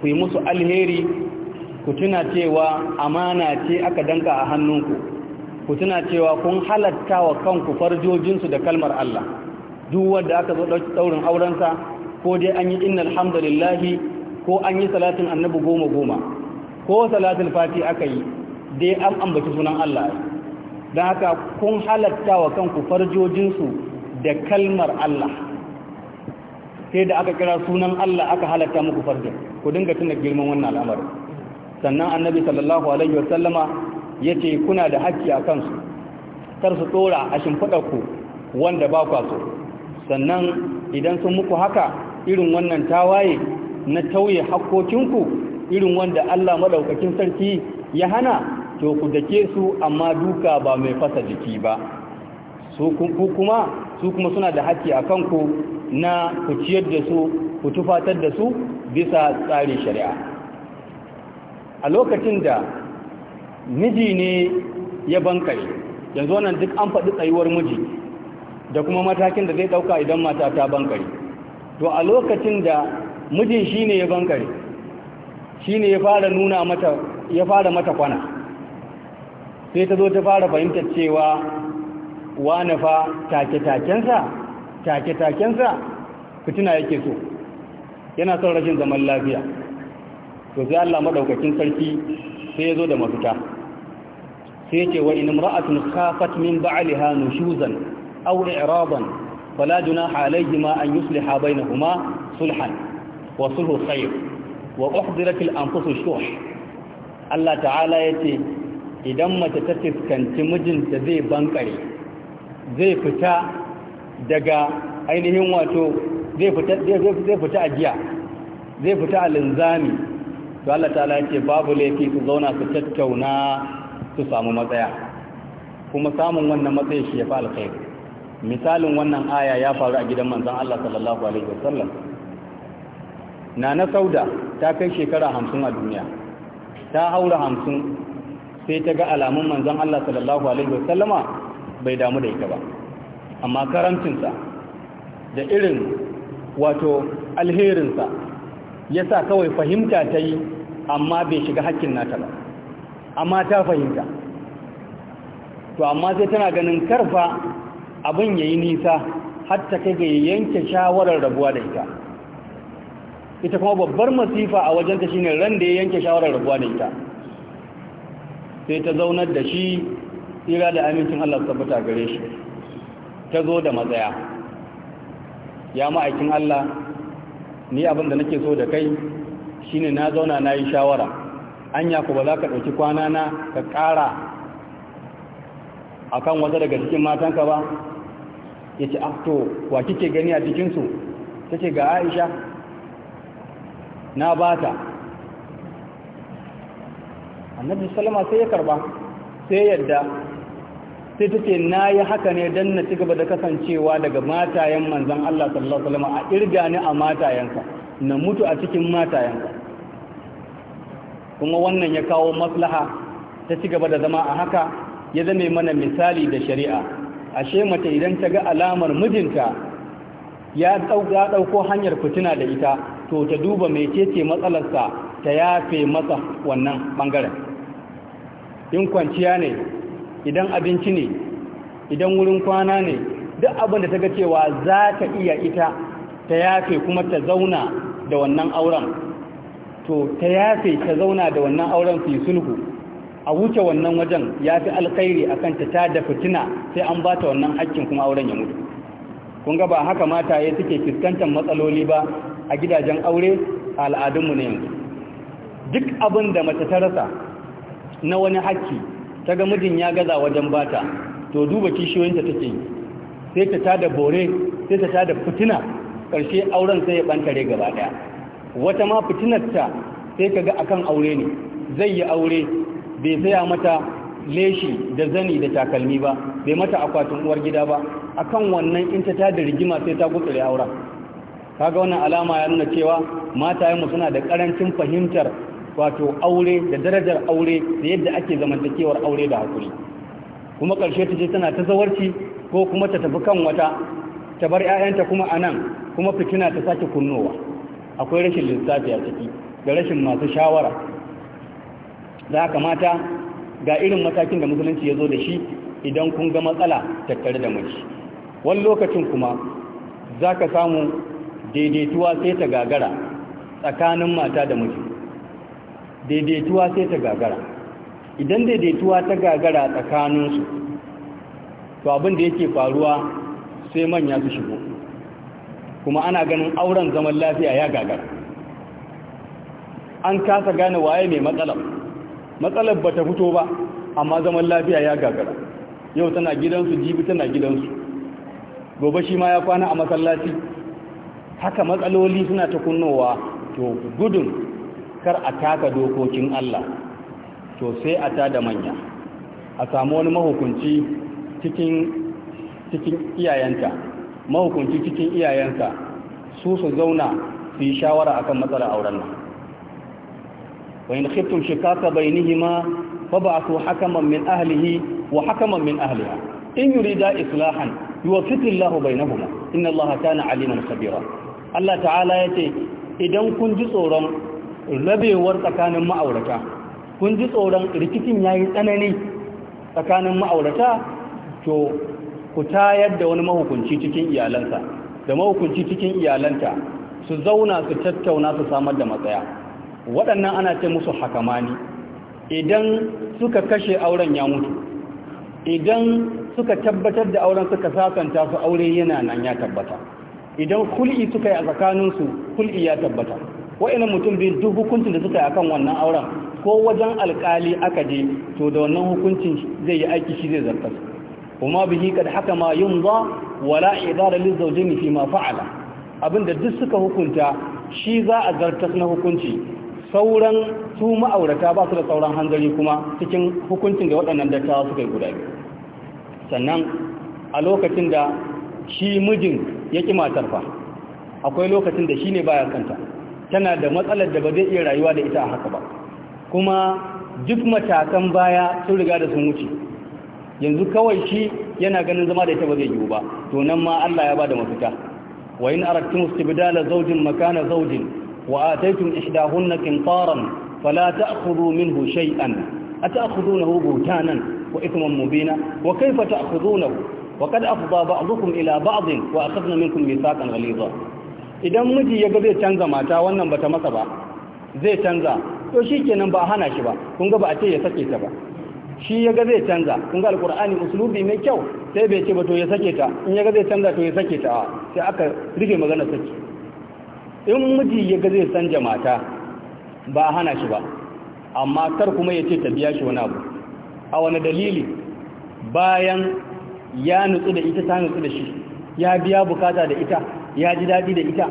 ku yi musu alheri ku tuna cewa amana ce aka danka a hannunku ku tuna cewa kun halatta wa kanku farjojinsu da kalmar Allah duk wanda aka zo daurin aurensa ko dai an yi innal hamdalillahi ko an yi salatin annabi goma goma ko salatin fati aka yi dai an ambaci sunan Allah Dan haka kun halatta wa kanku farjojinsu da kalmar Allah sai da aka kira sunan Allah aka halatta muku farjin ku dinga tuna girman wannan al'amari sannan annabi sallallahu alaihi wasallama yace kuna da haƙƙi a kansu kar su tsora a shimfiɗar ku wanda ba kwa so sannan idan sun muku haka irin wannan tawaye na tauye ku irin wanda Allah madaukakin sarki ya hana to ku dake su amma duka ba mai fasa jiki ba su kuma su kuma suna da haƙƙi a kanku na ku ciyar da su ku tufatar da su bisa tsarin shari'a a lokacin da miji ne ya bankare yanzu wannan duk an faɗi tsayuwar miji da kuma matakin da zai ɗauka idan mata ta bankare to a lokacin da mijin shi ne ya bankare shi ne ya fara mata kwana sai ta zo ta fara fahimtar cewa wane fa take-takensa take-takensa fitina yake so yana son rashin zaman lafiya to sai Allah madaukakin sarki sai ya zo da mafita sai ce wa in imra'atun khafat min ba'liha nushuzan aw i'raban fala junaha alayhima an yusliha bainahuma sulhan wa sulhu khair wa uhdirat al-anfus shuh Allah ta'ala yace idan mace ta tiskanci mijinta zai bankare zai fita daga ainihin wato zai fita zai fita a giya zai fita a linzami to Allah ta'ala yace babu laifi su zauna su tattauna su samu matsaya kuma samun wannan matsayin shi ya fi alkhairi misalin wannan aya ya faru a gidan manzon Allah sallallahu alaihi wasallam nana sauda ta kai shekara hamsin a duniya ta haura hamsin sai ta ga alamun manzon Allah sallallahu alaihi wasallama bai damu da ita ba amma karamcinsa da irin wato alherinsa ya sa kawai fahimta ta yi amma bai shiga hakkin nata ba amma ta fahimta to amma sai tana ganin karfa abin yayi nisa har ta kai ga yanke shawarar rabuwa da ita ita kuma babbar masifa a wajenta shine ran da ya yanke shawarar rabuwa da ita sai ta zaunar da shi tsira da amincin Allah tabbata gare shi ta zo da matsaya ya ma'aikin Allah ni abin da nake so da kai shine na zauna na yi shawara anya ku ba za ka ɗauki kwana na ka ƙara a kan wata daga cikin matanka ba ya ce ah, to wa kike gani a cikinsu ta ce ga aisha na ba ta annabi salama sai ya karba sai yadda sai ta ce na yi haka ne don na cigaba da kasancewa daga matayen manzan Allah sallallahu Alaihi a irga ni a matayenka na mutu a cikin matayenka. kuma wannan ya kawo maslaha ta ci gaba da zama a haka ya zame mana misali da shari'a ashe mace idan ta ga alamar mijinta ya ɗauko hanyar fitina da ita to ta duba mai mecece matsalarsa ta yafe masa wannan ɓangaren in kwanciya ne idan abinci ne idan wurin kwana ne duk abin da ta ga cewa za ta iya ita ta yafe kuma ta zauna da wannan auren to ta yafe ta zauna da wannan auren su sulhu a wuce wannan wajen ya fi alkhairi a kanta ta da fitina sai an ba ta wannan hakkin kuma auren ya mutu kun ga ba haka mata ya suke fuskantar matsaloli ba a gidajen aure a al'adunmu na yanzu duk abin da mace ta rasa na wani hakki ta ga mijin ya gaza wajen ba ta, to duba kishiyoyinta take yi sai ta da bore sai ta da fitina ƙarshe auren sai ya ɓantare gaba ɗaya wata ma fitinarta sai ka ga akan aure ne zai yi aure bai saya mata leshi da zani da takalmi ba bai mata akwatin uwar gida ba akan wannan in ta da rigima sai ta gutsure aura kaga wannan alama ya nuna cewa mata matayenmu suna da karancin fahimtar wato aure da darajar aure da yadda ake zamantakewar aure da hakuri kuma karshe ta je tana ta zawarci ko kuma ta tafi kan wata ta bar 'ya'yanta kuma anan kuma fitina ta sake kunnowa akwai rashin lissafi a ciki da rashin masu shawara da haka mata ga irin matakin da musulunci ya zo da shi idan kun ga matsala tattare da mace wani lokacin kuma za ka samu daidaituwa sai ta gagara tsakanin mata da miji daidaituwa sai ta gagara idan daidaituwa ta gagara tsakaninsu to abin da yake faruwa sai manya su shigo kuma ana ganin auren zaman lafiya ya gagara an kasa gane waye mai matsalar matsalar ba ta fito ba amma zaman lafiya ya gagara yau tana gidansu jibi tana gidansu gobe shi ma ya kwana a masallaci haka matsaloli suna ta kunnowa to gudun kar a taka dokokin Allah to sai a ta da manya a samu wani mahukunci cikin iyayenta mahukunci cikin iyayenka su su zauna su yi shawara akan matsalar auren nan wa in khiftum shikaka bainihima fab'athu hakaman min ahlihi wa hakaman min ahliha in yurida islahan yuwaffiqu Allahu bainahuma inna Allaha kana aliman khabira Allah ta'ala ce idan kun ji tsoron rabewar tsakanin ma'aurata kun ji tsoron rikicin yayi tsanani tsakanin ma'aurata to ku tayar da wani mahukunci cikin iyalansa da mahukunci cikin iyalanta su zauna su tattauna su samar da matsaya waɗannan ana ce musu hakamani idan suka kashe auren ya mutu idan suka tabbatar da auren suka sasanta su aure yana nan ya tabbata idan kul'i suka yi a tsakaninsu kul'i ya tabbata wa'ina mutum biyu duk hukuncin da suka yi akan wannan auren ko wajen alkali aka je to da wannan hukuncin zai yi aiki shi zai zartar kuma bihi kad ma yumza wala idara lizawjaini fi ma fa'ala abinda duk suka hukunta shi za a zartas na hukunci sauran su ma'aurata ba su da sauran hanzari kuma cikin hukuncin da waɗannan dattawa suka yi guda biyu sannan a lokacin da shi mijin ya ƙi matar fa akwai lokacin da shi ne baya kanta tana da matsalar da ba zai iya rayuwa da ita a haka ba kuma duk matakan baya sun riga da sun wuce yanzu kawai shi yana ganin zama da ita ba zai yiwu ba to nan ma Allah ya bada mafita wa in aradtum istibdala zawjin makana zawjin wa ataytum ihdahunna qintaran fala ta'khudhu minhu shay'an ata'khudhunahu butanan wa ithman mubina wa kayfa ta'khudhunahu وقد أفضى بعضكم إلى بعض وأخذنا منكم ميثاقا غليظا idan miji ya ga zai canza mata wannan bata masa ba zai canza to shikenan ba hana shi ba kun ga ba a ce ya sake ta ba shi ya ga zai canza kun ga alkur'ani usulubi mai kyau sai bai ce ba to ya sake ta in ya ga zai canza to ya sake ta sai aka rufe magana saki in miji ya ga zai canza mata ba a hana shi ba amma kar kuma ya ce ta biya shi wani abu a wani dalili bayan ya nutsu da ita ta nutsu da shi ya biya bukata da ita ya ji daɗi da ita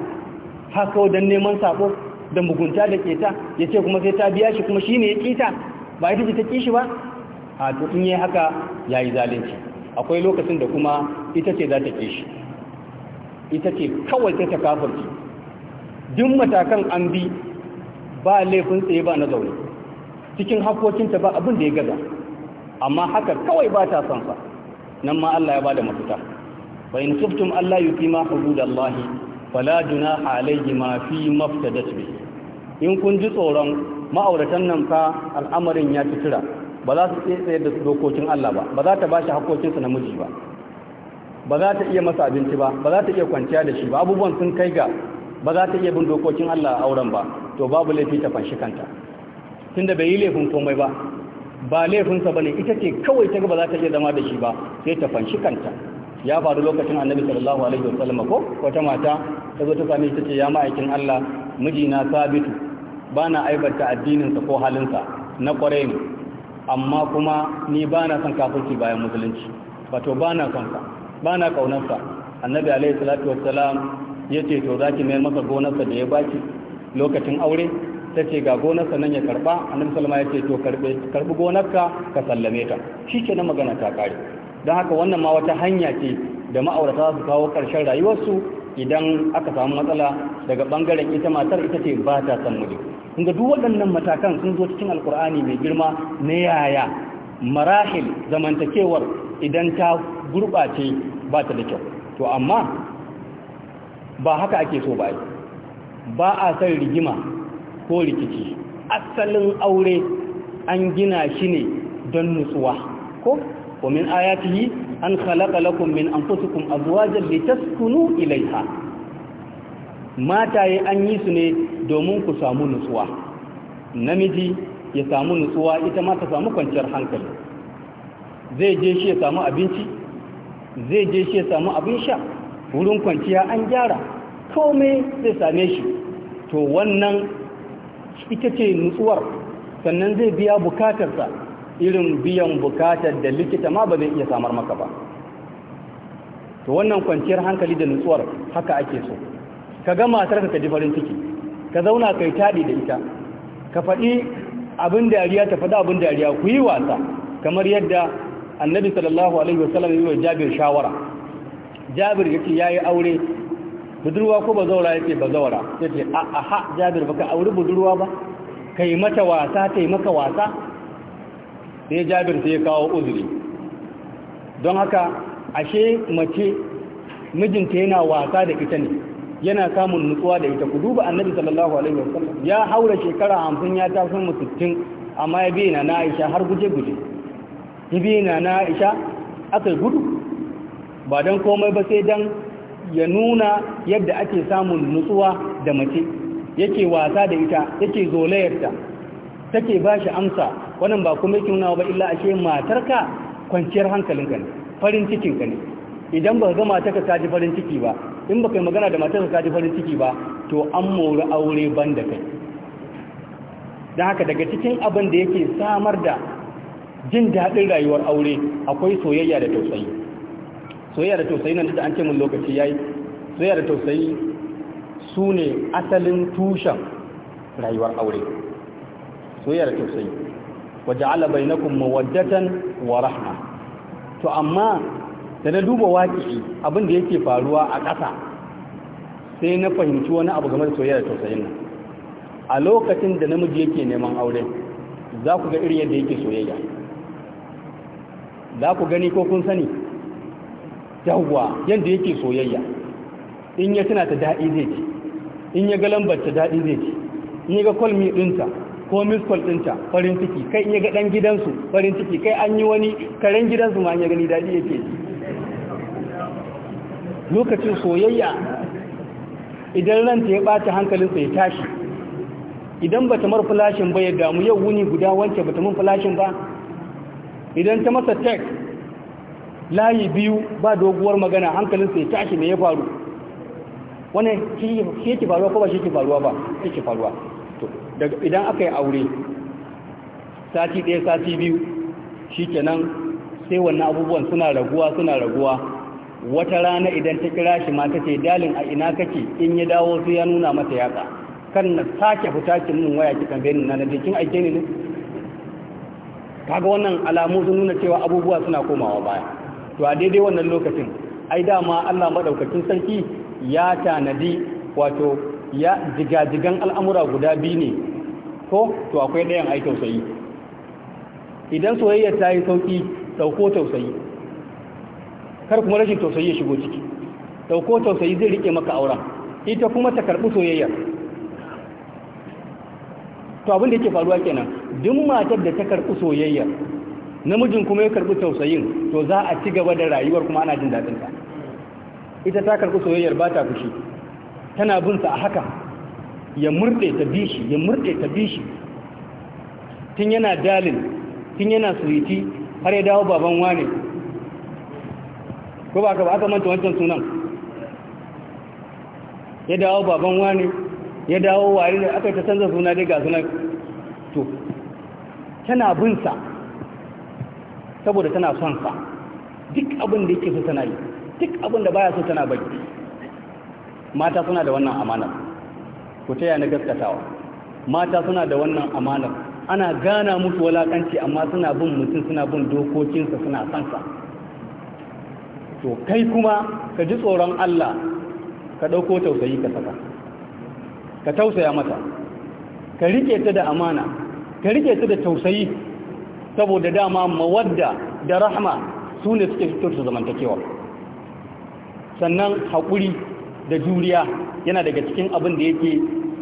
haka don neman sako da mugunta da keta ya ce kuma sai ta biya shi kuma shi ne ya kita ba ita ce ta ƙi shi ba a to in yi haka ya yi zalunci akwai lokacin da kuma ita ce za ta ke shi ita ce kawai ta kafarci duk matakan an bi ba laifin tsaye ba na zaune cikin hakokinta ba abin da ya gaza amma haka kawai ba ta son sa nan ma Allah ya bada mafita fa in tuftum Allah yuqima hududallahi fala junaha alayhi ma fi maftadat bi in kun ji tsoron ma'auratan nan fa al'amarin ya fitira ba za su tsaye da dokokin Allah ba ba za ta ba shi hakokinsa na miji ba ba za ta iya masa abinci ba ba za ta iya kwanciya da shi ba abubuwan sun kai ga ba za ta iya bin dokokin Allah a auren ba to babu laifi ta fanshi kanta tunda bai yi laifin komai ba ba laifinsa bane ita ce kawai ta ba za ta iya zama da shi ba sai ta fanshi kanta ya faru lokacin annabi sallallahu alaihi wasallam ko wata mata ta zo ta sami ta ce ya ma'aikin Allah mijina sabitu bana addinin sa ko halinsa na kware ne amma kuma ni ba na son kafirci bayan musulunci wato ba na son ka ba na kaunarsa annabi alaihi salatu wassalam ya ce to zaki mayar masa gonarsa da ya baki lokacin aure ta ce ga gonarsa nan ya karba annabi sallama ya ce to karbe karbi gonarka ka sallame ta Shi na magana ta kare don haka wannan ma wata hanya ce da ma'aurata su kawo ƙarshen rayuwarsu idan aka samu matsala daga bangaren ita matar ita ce ba ta san muje inda duk waɗannan matakan sun zo cikin alkur'ani mai girma na yaya marahil zamantakewar idan ta gurɓace ba ta da kyau to amma ba haka ake so ba ba a san rigima ko rikici asalin aure an gina shi ne don nutsuwa ko ومن آياته an khalaqa lakum min anfusikum azwajan litaskunu ilaiha mataye an yi su ne domin ku samu nutsuwa namiji ya samu nutsuwa ita ma ta samu kwanciyar hankali zai je shi ya samu abinci zai je shi ya samu abin sha wurin kwanciya an gyara komai zai same shi to wannan ita ce nutsuwar sannan zai biya bukatarsa irin biyan bukatar da likita ma ba zai iya samar maka ba to wannan kwanciyar hankali da nutsuwar haka ake so ka ga matar ka ji farin ciki ka zauna kai taɗi da ita ka faɗi abin dariya ta faɗi abin dariya ku yi wasa kamar yadda annabi sallallahu alaihi wasallam yi wa jabir shawara jabir yake yayi aure budurwa ko bazawara yake bazawara yace a ha jabir baka aure budurwa ba kai mata wasa kai maka wasa sai jabir sai ya kawo uzuri don haka ashe mace mijinta yana wasa da ita ne yana samun nutsuwa da ita ku duba annabi sallallahu alaihi wasallam ya haura shekara hamsin ya taso mu sittin amma ya bi na Aisha har guje guje ya bi na Aisha aka gudu ba dan komai ba sai dan ya nuna yadda ake samun nutsuwa da mace yake wasa da ita yake zolayarta take bashi amsa wannan ba kuma yake nawa ba illa ashe matarka kwanciyar hankalinka ne farin cikinka ne idan ba ga matarka ka ji farin ciki ba in ba kai magana da matarka ka ji farin ciki ba to an mori aure ban da kai don haka daga cikin abin da yake samar da jin daɗin rayuwar aure akwai soyayya da tausayi soyayya da tausayi nan da an ce mun lokaci yayi soyayya da tausayi su ne asalin tushen rayuwar aure soyayya da tausayi ja'ala bainakum mawaddatan wa rahma to amma da na duba waƙi abin da yake faruwa a ƙasa sai na fahimci wani abu game da soyayya da tausayin nan a lokacin da namiji yake neman aure za ku ga irin yadda yake soyayya za ku gani ko kun sani yawwa yadda yake soyayya in ya tana ta daɗi zai ji, in ya ga lambar ta daɗi zai ji, in ya ga kwalmi ɗinta ko miskol ɗinta farin ciki kai in ya ga ɗan gidansu farin ciki kai an yi wani karen gidansu ma an ya gani daɗi yake lokacin soyayya idan ranta ya ɓata hankalinsa ya tashi idan ba ta mar flashin ba ya damu yau wuni guda wance ba ta mun flashin ba idan ta masa tek layi biyu ba doguwar magana hankalinsa ya tashi ne ya faru wane shi yake faruwa ko ba shi yake faruwa ba shi yake faruwa Daga idan aka yi aure sati ɗaya sati biyu shi kenan sai wannan abubuwan suna raguwa suna raguwa wata rana idan ta kira shi ma ta ce dalin a ina kake in ya dawo sai ya nuna mata yaƙa? kan na sake fita cin nun waya ki kan ni na jikin aike ne ne kaga wannan alamu sun nuna cewa abubuwa suna komawa baya to a daidai wannan lokacin ai dama Allah maɗaukacin sarki ya tanadi wato ya jigajigan al'amura guda biyu ne ko to akwai ɗayan ai tausayi idan soyayya ta yi sauki sauko tausayi kar kuma rashin tausayi ya shigo ciki sauko tausayi zai rike maka aura ita kuma ta karbi soyayya to abin da yake faruwa kenan duk matar da ta karbi soyayya namijin kuma ya karbi tausayin to za a ci gaba da rayuwar kuma ana jin daɗin ta ita ta karbi soyayyar ba ta fushi tana bin sa a haka ya murɗe ta bishi ya murɗe ta bishi tun yana dalil tun yana suriti har ya dawo baban wane ko ba ka ba aka manta wancan sunan ya dawo baban wane ya dawo wari da aka ta canza suna dai ga sunan to tana binsa saboda tana son sa duk abin da yake so tana yi duk abin da baya so tana bai, mata suna da wannan amanar ku taya na gaskatawa mata suna da wannan amanar ana gana musu walakanci amma suna bin mutum suna bin dokokinsa suna sansa to kai kuma ka ji tsoron Allah ka ɗauko tausayi ka saka ka tausaya mata ka rike ta da amana ka rike ta da tausayi saboda dama mawadda da rahma su ne suke fito su zamantakewa sannan haƙuri da juriya yana daga cikin abin da yake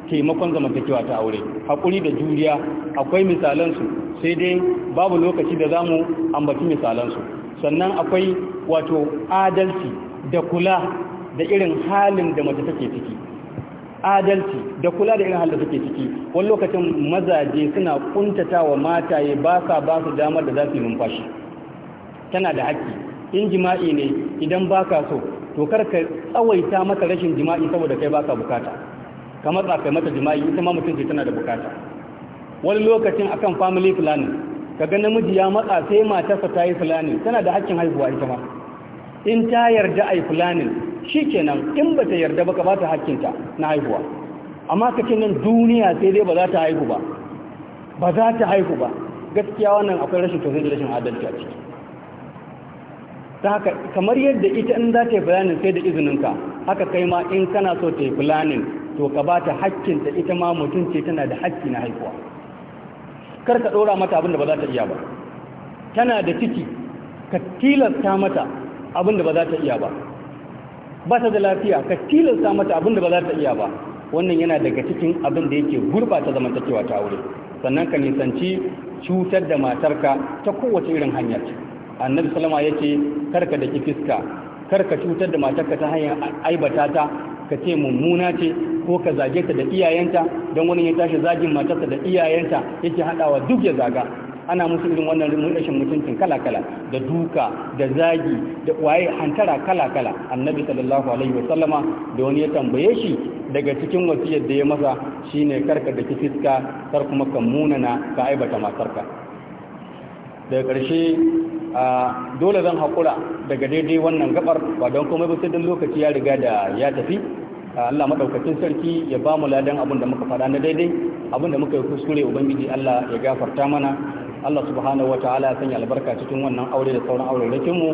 taimakon zamantakewa ta aure haƙuri da juriya akwai misalansu sai dai babu lokaci da za mu ambaci misalansu sannan akwai wato adalci da kula da irin halin da mace take ciki adalci da kula da irin halin da take ciki wani lokacin mazaje suna kuntata wa mataye ba sa ba su damar da za su yi numfashi tana da haƙƙi in jima'i ne idan baka so to kar ka tsawaita mata rashin jima'i saboda kai baka bukata ka matsa kai mata jima'i ita ma mutum ce tana da bukata wani lokacin akan family planning ka ga namiji ya matsa sai matarsa ta yi planning tana da hakkin haihuwa ita ma in ta yarda a yi planning shikenan in bata yarda ba ka ba ta hakkinta na haihuwa amma ka nan duniya sai dai ba za ta haihu ba ba za ta haihu ba gaskiya wannan akwai rashin tausayi da rashin adalci a ciki haka kamar yadda ita in za ta yi bayanin sai da izininka haka kai ma in kana so ta yi planning to ka ba ta ta ita ma mutum ce tana da hakki na haihuwa kar ka ɗora mata abin da ba za ta iya ba tana da ciki ka tilasta mata abin da ba za ta iya ba ba ta da lafiya ka tilasta mata abin da ba za ta iya ba wannan yana daga cikin abin da yake gurɓata zamantakewa ta aure sannan ka nisanci cutar da matarka ta kowace irin hanyar. ce annabi salama ya ce karka da ki fiska karka cutar da matarka ta hanyar aibata ta ka ce mummuna ce ko ka zage ta da iyayenta don wani ya tashi zagin matarsa da iyayenta yake haɗawa duk ya zaga ana musu irin wannan rashin mutuncin kala-kala da duka da zagi da waye hantara kala-kala annabi sallallahu alaihi wa sallama da wani ya tambaye shi daga cikin wasiyar da ya masa shine karka da ki fiska kar kuma ka munana ka aibata matarka daga ƙarshe dole zan haƙura daga daidai wannan gabar ba don komai ba sai don lokaci ya riga da ya tafi Allah maɗaukacin sarki ya ba mu ladan abin da muka faɗa na daidai abin da muka yi kuskure ubangiji Allah ya gafarta mana Allah subhanahu ta'ala ya sanya albarka cikin wannan aure da sauran aure aurerakin mu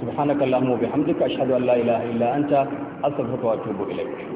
subhanakallahumma wa bihamdika ashhadu an la ilaha illa anta astaghfiruka wa atubu ilaik